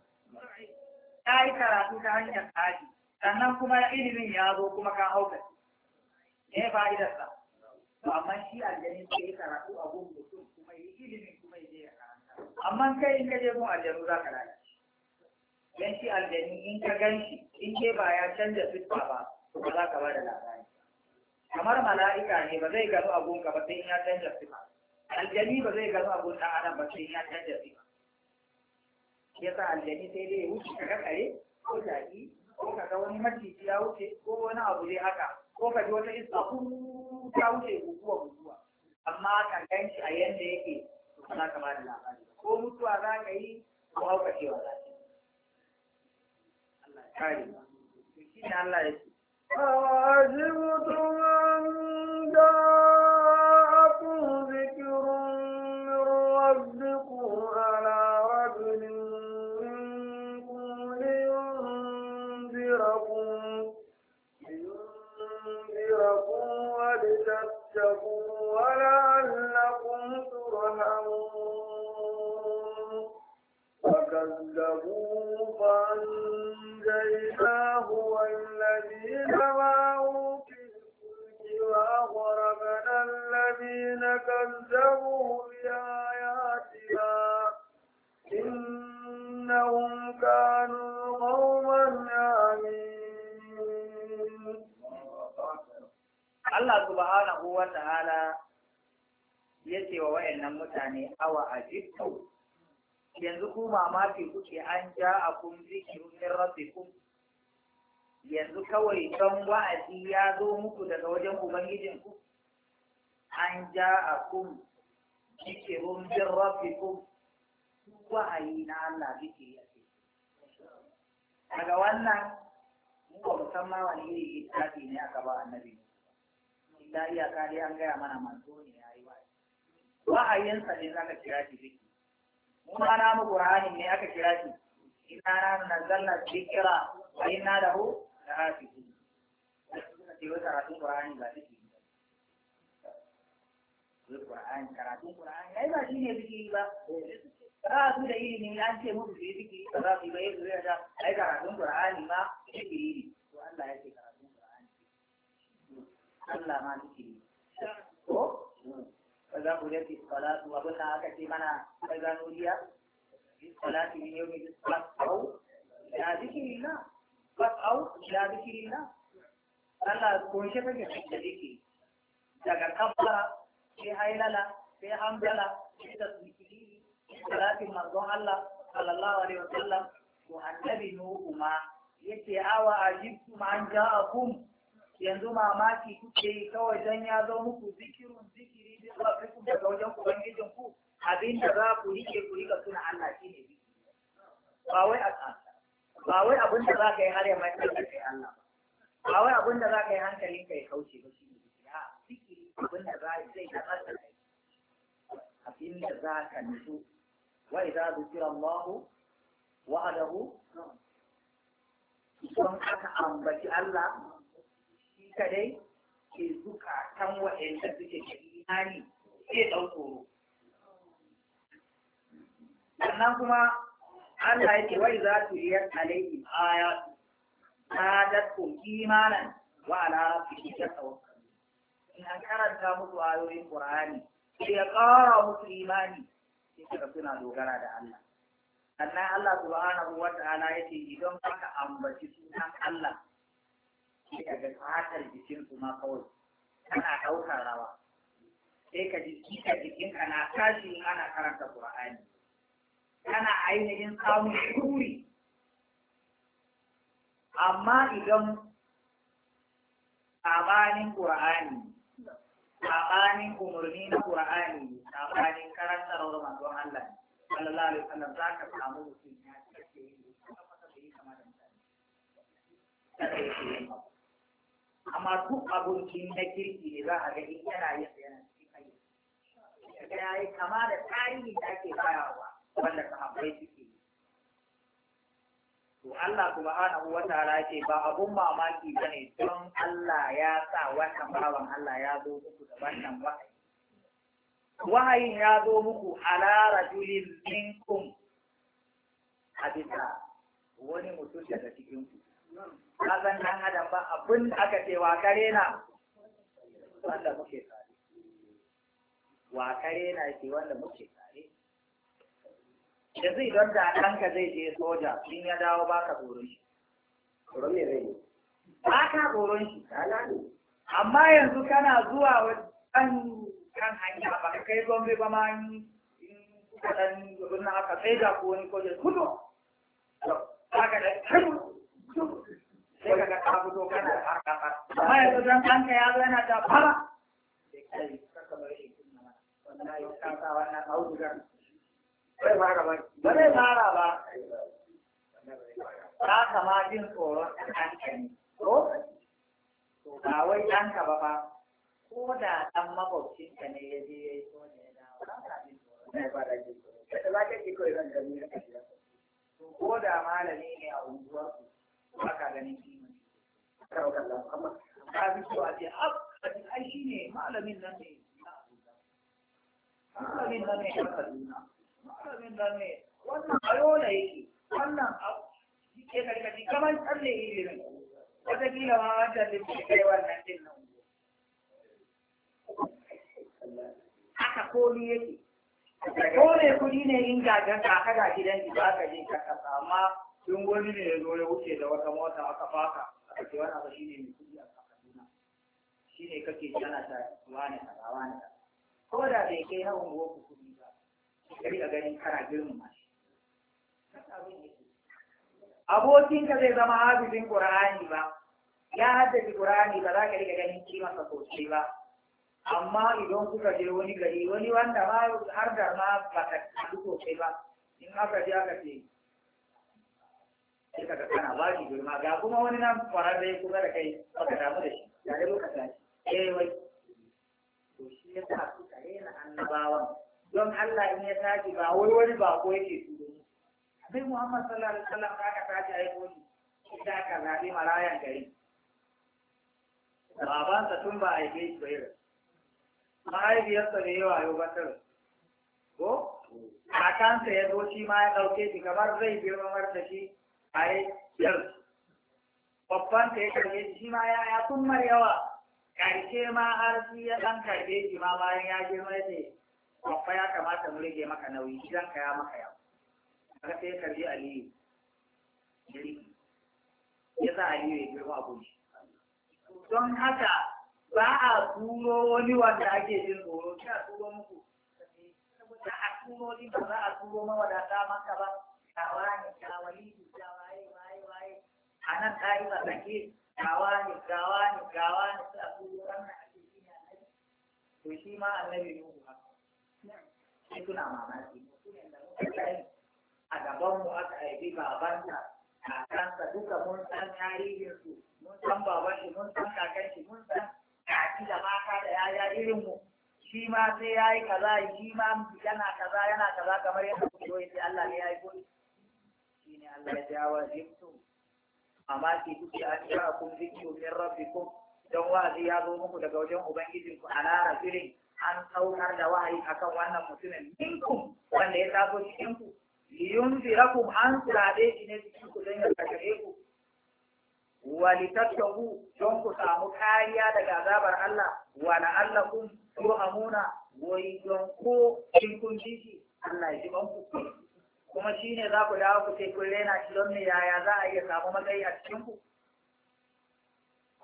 Ta yi karatu ta hanyar taji sannan kuma ilimin ya zo kuma ka hauka ne fa'idarsa to amma shi aljanin sai yi karatu a gungun mutum kuma yi ilimin kuma ya je ya karanta amma kai in ka je gun aljanu za ka dace. dan shi aljani in ka gan in ke ba ya canza sifa ba to ba za ka ba da labari kamar mala'ika ne ba zai gano abun ka ba sai in ya canza sifa. aljani ba zai gano abun ta adam ba sai in ya canza Ya yasa aljani sai dai ya wuce ka kare ko jaki ko ka ga wani maciji ya wuce ko wani abu dai haka ko ka ji wata iska ku ta wuce guguwa guguwa amma ka gan shi a yanda yake to ba za ka ba da labari ko mutuwa za ka yi ko hauka cewa za kare ba to shi ne Allah ya ce أعجبتم أن جاءكم ذكر من ربكم على رجل منكم لينذركم لينذركم ولتتقوا ولعلكم ترحمون فكذبوه فأنتم ونجيناه والذين معه في الفلك وأغرقنا الذين كذبوا بآياتنا إنهم كانوا قوما آمين Allah subhanahu wa ta'ala ya ce wa wa'annan mutane awa ajibtu yanzu ku mamaki kuke an ja a kun zikirun min rabbikum yanzu kawai don wa'azi ya zo muku daga wajen ubangijin ku an ja a kun zikirun min rabbikum wa'ayi na Allah zikiri ya ce daga wannan mu ba musamman wani iri littafi ne aka ba annabi da iyaka dai an gaya mana manzo ne ya yi wa'ayi wa'ayinsa ne zaka kira shi zikiri mu ma na mu qur'anin ne aka kira shi inna na nazzalna dhikra wa inna lahu lahafizun ce wai karatun qur'ani ba take wai qur'ani karatun qur'ani ai ba shine zikiri ba ba Karatu da ilimi an ce musu su yi zikiri ba za su yi ba yanzu zai ga ai karatun qur'ani ma zikiri ne to Allah ya ce karatun qur'ani Allah ma zikiri ko kaza uriyati salatu abin da aka ce mana kaza nuriya salati min yawmi fasau ila zikrillah fasau ila zikrillah Allah ko shi fage da dake daga kabbara sai hailala sai hamdala sai tasbihi salatin manzon Allah sallallahu alaihi wasallam ko annabi nuhu ma yake awa ajibtum an ja'akum yanzu mamaki kuke yi kawai don ya zo muku zikirin zikiri bi rabbikum daga wajen ubangijin ku da za ku rike ku rika suna Allah shine bi ba wai a ba wai abin da za ka yi har ya mai kai kai Allah ba wai abin da za ka yi hankalin kai kauce ba shi ne ya zikiri abin da za zai da kanka kai abin da za ka nutsu wa idza zikira Allah wa'adahu idan aka ambaci Allah kadai ke zukatan waɗanda suke da imani sai ɗan tsoro. Sannan kuma Allah ya ce wai za su yi alaihim ta zadatkum imanan wa ala yi ta In an karanta musu ayoyin ƙur'ani, sai ya ƙara musu imani sai suna dogara da Allah. Sannan Allah subhanahu wa ta'ala ya ce idan aka ambaci sunan Allah sai ka ga fatar jikinsu ma kawai ana ɗaukar rawa sai ka ji jika jikinka na tashi ana karanta Qur'ani kana ainihin samun shuri amma idan sabanin Qur'ani sabanin umarni na Qur'ani sabanin karantarwar manzon Allah sallallahu alaihi wasallam ka samu mutum ya yi kamar da mutane amma duk abincin na kirki ne za a ga in yana yin yana cikin aiki ya yi kama da tarihi da ake bayarwa wanda ka suke ciki. to Allah subhanahu wa ta'ala ce ba abun mamaki bane don Allah ya sa wannan bawan Allah ya zo muku da wannan wahayi wahayin ya zo muku ala rajulin minkum a wani mutum daga cikin ku ka san dan adam ba abin da aka ce wa kare na wanda muke tare. wa kare na ke wanda muke Da zai don da ɗanka zai je soja in ya dawo ba ka tsoron shi tsoron me zai yi ba ka tsoron shi amma yanzu kana zuwa wajen kan hanya ba ka kai gombe ba ma in kuka ɗan gudun haka sai da ko wani kojin kudu za ka ɗan sai kaga ka fito kana har kafa amma yanzu dan kanka ya wannan fara ba ba zai fara ba jin tsoron ne ko ba ba ko da ya so ya tsoron ko da malami ne a unguwarku ba ka ganin kima kawo kallon amma ka fi cewa ce ai shi ne malamin nan ne malamin nan ne haka duna malamin nan ne wannan ayola yake wannan ke karkashi kamar tsalle ilimin wataƙila ma wajen da ke kai wannan din nan haka koli yake kone kudi ne in gagan ka kada gidan ki ba ka je ka kasa amma in wani ne ya zo ya wuce da wata mota aka faka a ce wani abu shine mai kudi a Kaduna shine kake jana ta wani kaza wani kaza ko da bai kai hawan goku kudi ba kai a ganin kana girmama shi abokin ka zai zama hafizin Qur'ani ba ya haddace Qur'ani ba za ka riga ganin kimansa sosai ba amma idan kuka je wani gari wani wanda ma har da ma ba ka sosai ba in aka je aka ce sai kaga kana ba shi girma ga kuma wani nan kwararre kuma da kai baka damu da shi Ya tare lokacin shi eh wai to shi ya sa su tare na annabawan don Allah in ya tashi ba wai wani ba ko yake su da shi Abi Muhammad sallallahu alaihi wasallam ka ka tashi aiko shi da ka zabi marayan gari babansa tun ba a yi shi bai mahaifiyarsa da yawa yau batar ko kakansa ya zo shi ma ya ɗauke shi kamar zai girmamar da shi ai yar babban ta ya karbe shi ma ya ya kun yawa karshe ma har shi ya dan karbe shi ma bayan ya girma ya ce babba ya kamata mu rage maka nauyi gidan ka ya maka yawa kaga sai ya karbe aliyu ya sa aliyu ya girma abu don haka ba a turo wani wanda ake jin tsoro sai a turo muku za a turo ni ba za a turo mawadata maka ba kawani kawali a nan ƙa'ima kake gawa ne gawa ne gawa ne su a tsoron wannan a cikin yanayi to shi ma annabi nuhu haka sai suna mamaki mutumin da muka yi a gabanmu aka haifi babansa kansa duka mun san tarihinsu mun san baban shi mun san kakan shi mun san kaki da mata da yaya irin mu shi ma sai ya yi kaza shi ma yana kaza yana kaza kamar yadda kuke yi sai Allah ne ya yi gudu shi ne Allah ya jawo jimtum amma ki kuke cikin akun dhikru min rabbikum don wa'azi ya zo muku daga wajen ubangijinku ala filin an saukar da wahayi akan wannan mutumin minkum wanda ya tafi cikin ku zirakum an tsade shi ne cikin ku don ya kashe ku wa don ku samu kariya daga azabar Allah wa la'allakum turhamuna wai don ko in kun ji shi Allah ya ji ku kuma shi ne za ku dawo ku ce kun rena shi don ne yaya za a iya samu matsayi a cikin ku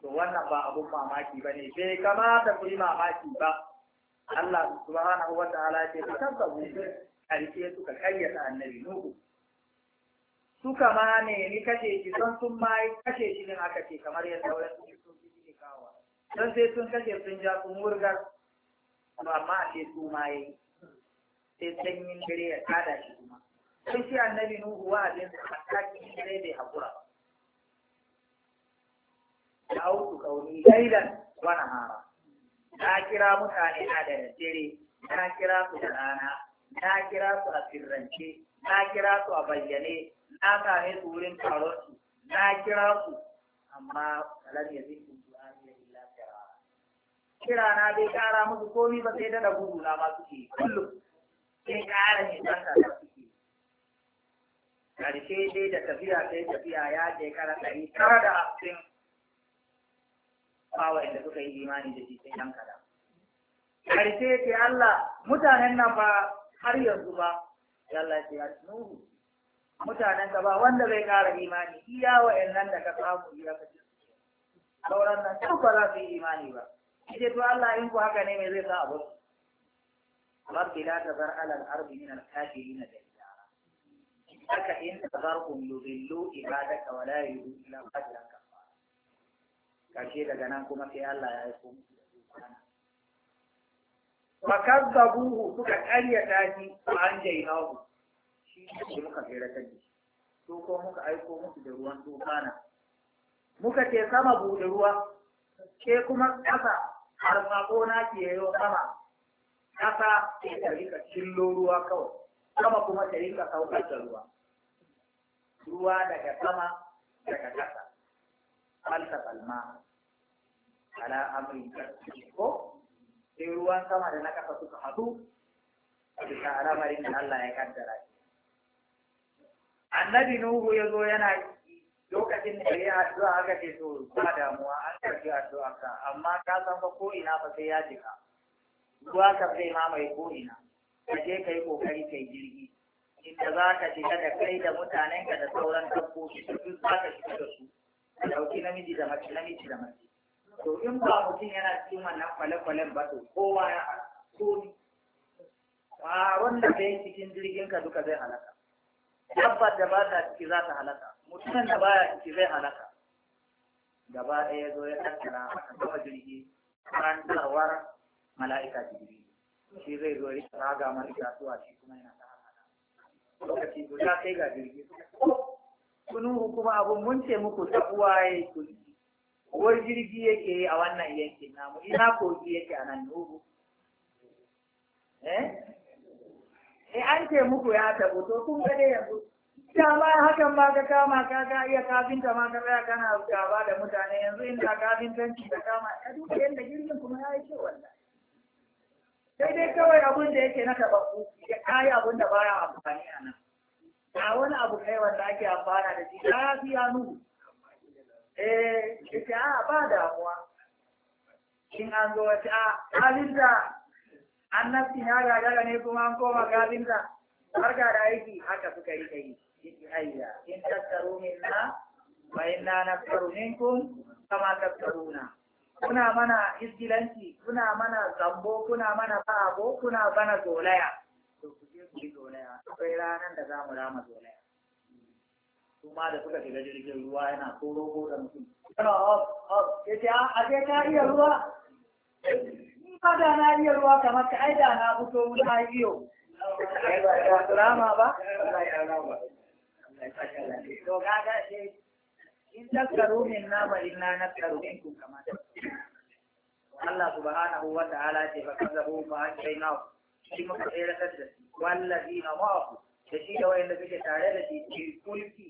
to wannan ba abun mamaki ba ne bai kamata ku yi mamaki ba Allah subhanahu wa ta'ala ce ku kazzabu karshe suka kayyata annabi nuhu suka ma ne ni kashe shi don sun ma yi kashe shi ne aka ce kamar yadda wani sun sun fi kawo. don sai sun kashe sun ja sun wurgar amma a ce su ma yi sai sanyin dare ya kada shi kuma sai shi annabi nuhu wa abin hatta ki sai bai hakura da auku kauni da wani hara na kira mutane na da dare na kira su da rana na kira su a firrance na kira su a bayyane na same su wurin taron su na kira su amma kalar ya zai kuntu a yi illa kira kira na bai kara musu komi ba sai da gudu na ma suke kullum sai kara ne san ƙarshe dai da tafiya sai tafiya ya shekara ɗari tara da hamsin ba wa'anda suka yi imani da shi sai ɗan kaɗan. Ƙarshe ce Allah mutanen nan ba har yanzu ba Allah ce ya nuhu mutanen ka ba wanda zai ƙara imani iya nan da ka samu iya ka ce. sauran nan duk ba za su yi imani ba. Ije to Allah in ku haka ne me zai sa abu. Rabbi la tazar alal ardi min al-kafirin da haka in tazarhum yudillu ibadaka wa la yudu ila fajran kafara daga nan kuma sai Allah ya aiko musu fakazzabuhu suka karyata an jai anjaynahu shi ne muka fere ta shi to ko muka aiko musu da ruwan tufana muka ce sama bude ruwa ke kuma kasa har sako na ke yayo sama kasa ta rika cillo ruwa kawai sama kuma ta rika saukar da ruwa ruwa daga sama daga ƙasa falsa balma ala amri ko sai ruwan sama da na ƙasa suka haɗu bisa al'amarin da Allah ya kaddara shi annabi nuhu ya zo yana lokacin da ya addu'a aka ce to ba damuwa an karbi addu'a ka amma ka san fa ko ina fa sai ya jika ruwa ka ma mamaye ko ina ka je kai kokari kai jirgi inda za ka shiga da kai da mutanen ka da sauran dabbobi duk za ka shiga da su ka ɗauki namiji da mace namiji da mace to in ba mutum yana cikin wannan kwale-kwalen ba to kowa ya komi a wanda bai cikin jirgin ka duka zai halaka Dabba da ba ta ciki za ta halaka mutumin da baya ciki zai halaka gaba ɗaya zo ya tattara a gaba jirgi ran tarwar mala'ika jirgi shi zai zo ya raga mala'ika zuwa shi kuma yana lokaci kai ga jirgi kunu kuma abun mun ce muku ta uwaye ku uwar jirgi yake a wannan yankin namu ina kogi yake a nan nuhu eh, eh an ce muku ya tabo to kun ga dai yanzu dama hakan ma ka kama ka ga iya kafinta ma ka tsaya kana gaba da mutane yanzu inda kafintanci ka kama ka duka yadda jirgin kuma ya yi ce wannan sai dai kawai abin da yake na taɓaɓɓu ya kayi abin da baya amfani a nan ga wani abu kai wanda ake amfana da shi ya fi ya nuna eh ita a ba damuwa in an zo wata a An nafi ya gagara ne kuma an koma galinta har ga da aiki haka suka yi kai ayya in na, minna wa inna naktaru minkum kama tattaruna kuna mana izgilanci kuna mana zambo kuna mana ba'abo kuna mana zolaya to ku je ku yi zolaya akwai ranar da za mu rama zolaya kuma da suka shiga jirgin ruwa yana koro ko da mutum yana hop hop ya ce a je ka iya ruwa ni ma da na iya ruwa kamar ka ai da na fito a iyo ba rama ba in takaru min na bari na na karu min kun kamata Allah subhanahu wa ta'ala ce ba kaza ko ba an kai nawo shi muka tsere da shi wallahi na ma'afu da shi da wayanda suke tare da shi cikin kulki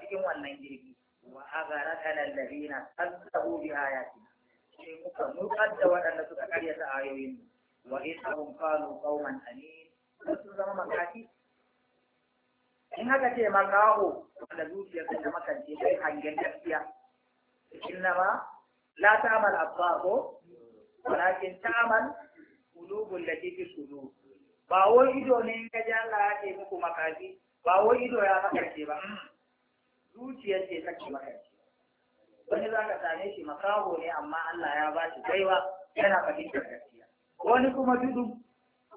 cikin wannan girki wa agharaqana alladhina kazzabu bi ayatina sai muka nutsar da waɗanda suka karyata ayoyin mu wa idhum qalu qauman amin sun zama makati in haka ce makaho wanda da ta makance kai hangen gaskiya inna ma la ta'mal absaru walakin ta'mal qulubul lati fi sudur ba wai ido ne in ka ji Allah ya ce muku makaji ba wai ido ya makarce ba mm. zuciyar ce take makarce wani za ka same shi makaho ne amma Allah ya ba shi baiwa yana fahimtar gaskiya wani kuma dudu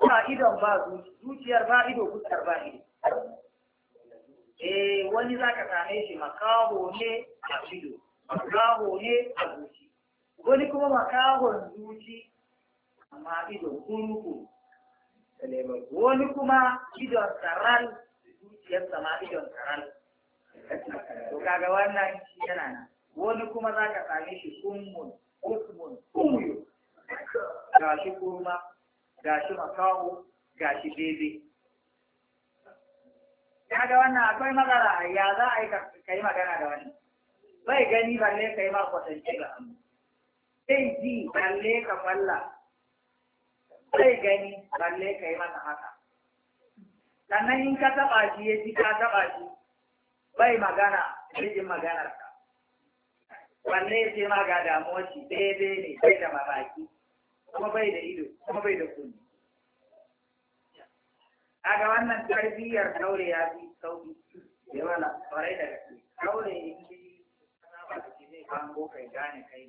ba idon ba zuciyar ba ido fuskar ba ido Eh, wani za ka same shi makaho ne a ido makaho ne a zuci wani kuma makahon zuci amma ido kurku wani kuma idon tsaral zuciyar sama idon tsaral to kaga wannan shi yana nan wani kuma za ka same shi kummun kusmun kumuyo ga shi kurma ga shi makaho ga shi bebe kaga wannan akwai magana ya za a yi ka yi magana da wani bai gani balle ka yi ma kwatance ga amma sai ji balle ka falla bai gani balle ka yi masa haka sannan in ka taɓa shi ya ji ka taɓa shi bai magana rijin maganar ka Balle sai ma ga damuwa shi daidai ne sai da mabaki, kuma bai da ido kuma bai da kuni kaga wannan tarbiyyar kaure ya fi sauki ya wala kwarai da gaske kaure in ji kana ba da ke zai bango kai gane kai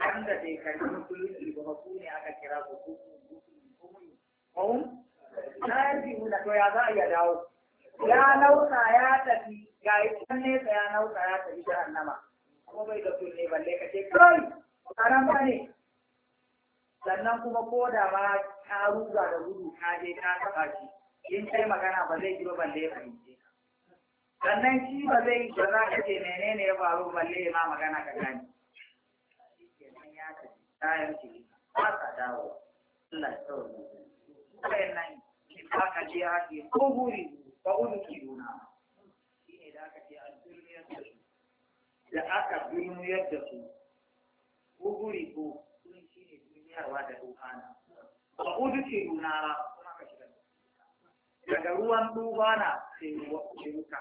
an da dai kai musulunci ba ku ne aka kira ku ku kun na yi muna to ya za a iya dawo ya nauka ya tafi ga ikan nesa ya nauka ya tafi ta jahannama kuma bai da kunne balle ka ce kai ba ne sannan kuma ko da ma ka ruga da gudu ka je ka taɓa shi in kai magana ba zai ji balle ya fahimce ka sannan shi ba zai ba za ka ce menene ya faru balle ya ma magana ka gani kenan ya ka kayan ce ba ka dawo Allah ya tsawo kayan nan ki ba ka je ke ko guri ba udu ki nuna shi ne da aka ce an dulmiyar da su da aka dulmiyar da su ko guri ko fitarwa da dubana wa udki nara kuma ka shiga daga ruwan dubana sai ruwa ke wuta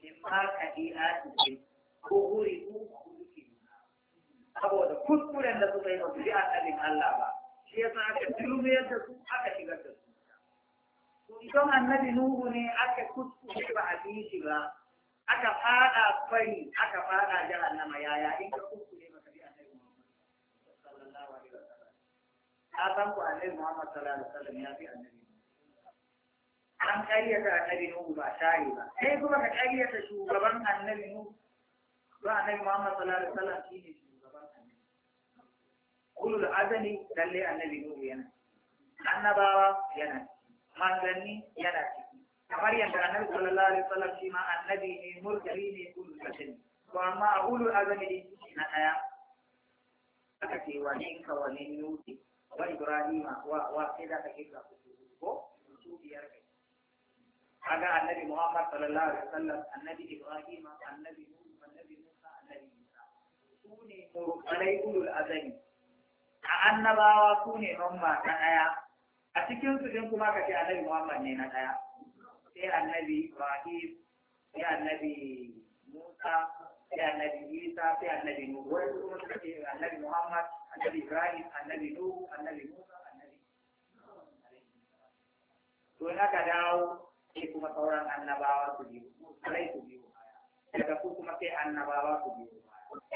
min ma ka di ati ko guri ku udki saboda kuskuren da suka yi ba su bi al'adin Allah ba shi ya yasa aka dulmiyar da su aka shigar da su don annabi Nuhu ne aka kuskure ba a bi shi ba, aka fada fari, aka fada jahannama yaya in ka kuskure ta san ku annabi Muhammad sallallahu alaihi wasallam ya fi annabi an ƙaryata annabi Nuhu ba share ba sai kuma ka ƙaryata shugaban annabi Nuhu ba annabi Muhammad sallallahu alaihi wasallam shi ne shugaban annabi kullu azali lalle annabi Nuhu yana annabawa yana manzanni yana ciki kamar yadda annabi sallallahu alaihi wasallam shi ma annabi ne murtali ne kullu azali to amma a ulul azali na daya aka ce wani ka wani nuti wa Ibrahim wa wa sai da kake ka ko su biyar kai kaga annabi muhammad sallallahu alaihi wasallam annabi Ibrahim annabi nuh annabi musa annabi isa su ne murkalai ulul azami a annabawa su ne mamma ta daya a cikin su din kuma kace annabi muhammad ne na daya sai annabi ibrahim sai annabi musa sai annabi isa sai annabi nuhu wani kuma suka ce annabi muhammad annabi ibrahim annabi nuhu annabi musa annabi to in aka dawo sai daga su kuma sai annabawa su biyu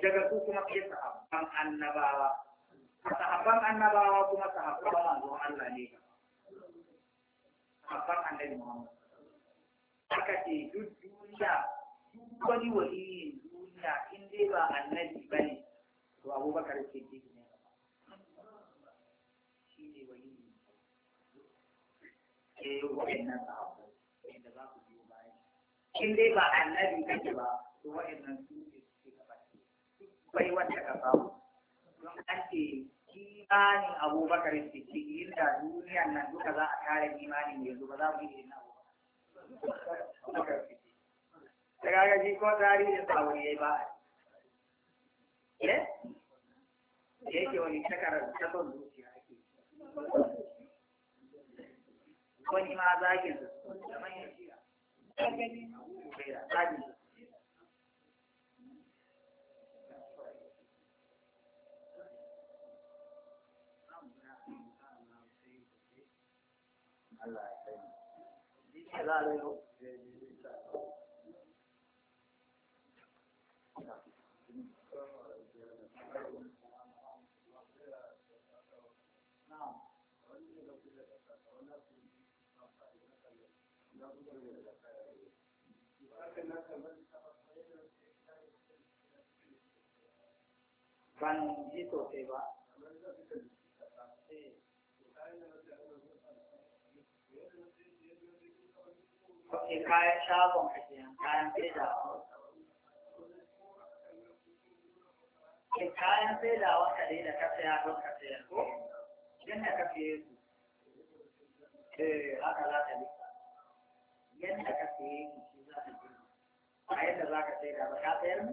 daga su kuma sai sahabban annabawa sahabban annabawa kuma sahabban manzon Allah ne sahabban annabi muhammad aka ce duk duniya duk wani waliyin duniya in dai ba annabi ba ne to abubakar ce ne shi ne wani ne eh, ke wa'annan sahabu wanda za ku biyo in dai ba annabi ba to su ne suke gaba bai wanda ka samu don an ce abubakar ce inda duniyan nan duka za a kare yanzu ba za mu yi irin abubakar Daga kaga shi ko tarihin aure ya ba eh ke wani takarar ta zuciya ake wani ma zagin da manyan Allah ya sani. ban ji sosai ba kayan shagon a kenan kayan saidawa ke kayan saidawa ka da ka saya don ka ko yadda ka fiye su eh haka za ka bi yadda ka fiye su shi za ka bi a yadda za ka saida ba ka sayar mu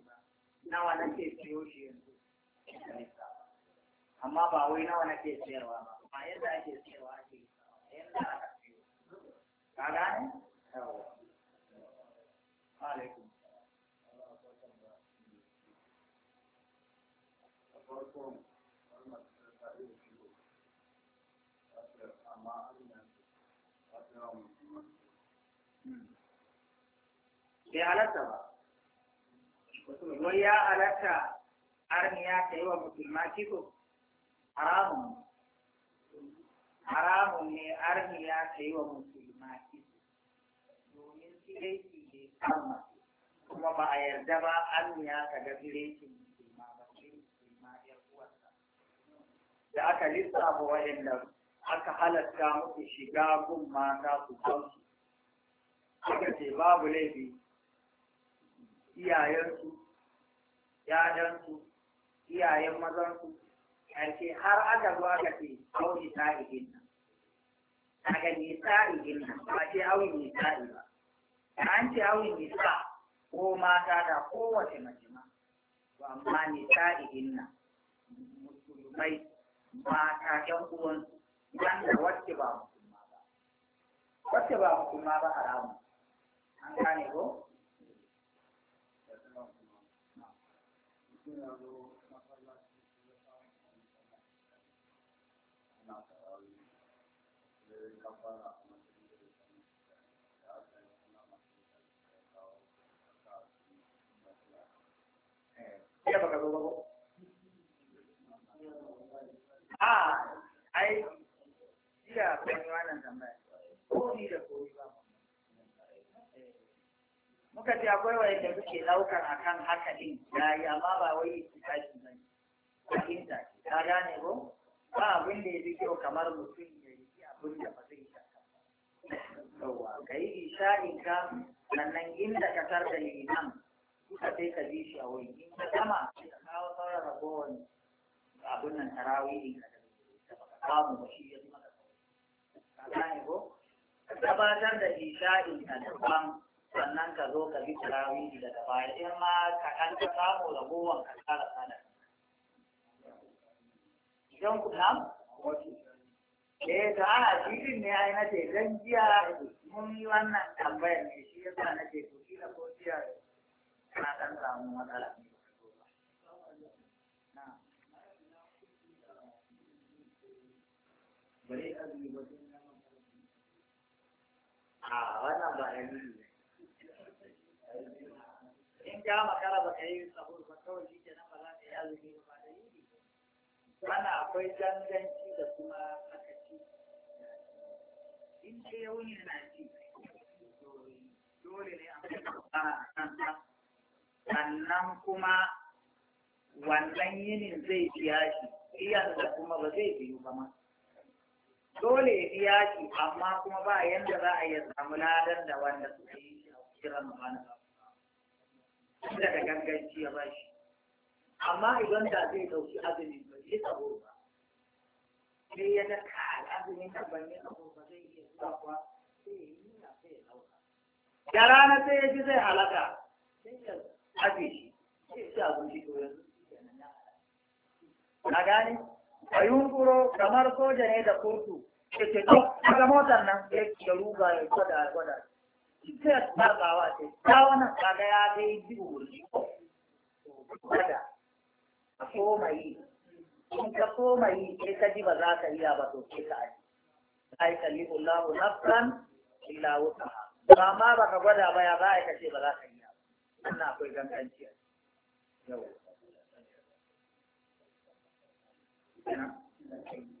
nawa nake siyo shi yanzu amma ba wai nawa nake siyarwa ba amma yadda ake siyarwa ake yadda aka siyo ka gane yawa alaikum bai halatta ba wai ya alaka arniya ta yi wa musulma kiko haramun haramun ne arniya ta yi wa musulma kiko domin tsireki ne kama, kuma ba a yarda ba arniya ka ga tsirekin musulma ba sai musulma ya uwarsa da aka lissafa waɗanda aka halatta musu shiga gun mata su kansu aka ce babu laifi iyayensu ‘ya'yansu, iyayen mazansu, ƙarshe har aka zo aka ce auni sa'ihin nan. Daga nisa'ihin nan, ba ce auni nisa'i ba. An ce auni nisa ko mata da kowace mace ma. To amma nisa'ihin nan, musulmai, mata, ‘yan uwan wanda wacce ba musulma ba. Wacce ba musulma ba haramu An gane ko? ya ah, baka zo ba a ai jiya ban da ko muka ce akwai da suke laukar akan haka ɗin yayi amma ba wai su tashi ba ne fahimta ce ta gane ko ba abin da ya fi kyau kamar mutum ya yi abin da ba zai shaka yawa ka yi isha'in ka sannan inda ka tar da liman kuka sai ka ji shi a wuri in ka ka kawo sauran ragowar abin nan tarawihin ka da ba ka samu ba shi ya zama ka gane ko ka gabatar da isha'in ka daban sannan ka zo ka bi tarawihi daga baya in ma ka ɗan ka samu ragowar ka ƙara sanar idan ku nam eh to ana jirin ne ai nace dan jiya mun yi wannan tambayar ne shi yasa nace to kila ko jiya na ɗan samu matsala a wannan ba dalili ka makara ba ka yi sahur ba kawai shi ke nan ba za ka yi azumi ba da yi ne wannan akwai ganganci da kuma sakaci in ce wuni na ci dole ne a kan sannan kuma wannan yinin zai biya shi iya da kuma ba zai biyu ba ma dole ya biya shi amma kuma ba yadda za a iya samu ladan da wanda suka yi shi a kiran ba inda da ganganci ya ba shi amma idan da zai ɗauki azumi ba zai tsaro ba sai ya na ka azumi ka ban yi abu ba zai iya zuwa kuwa sai ya yi na sai ya ɗauka da rana sai ya ji zai halaka sai ya aje shi sai ya ci abinci to yanzu na gane a yunkuro kamar soja ne da kurtu ke ce to daga motar nan ya ruga ya gwada gwada cikin tarbawa ce ta wannan kaga ya dai biyu, wuri kada a koma yi in ka koma yi sai ka ji ba za ka iya ba to sai ka aji ai kallibu Allahu nafsan illa wusaha ba ma ba ka gwada ba ya za a ka yi kace ba za ka iya wannan akwai ganganci yau Thank you.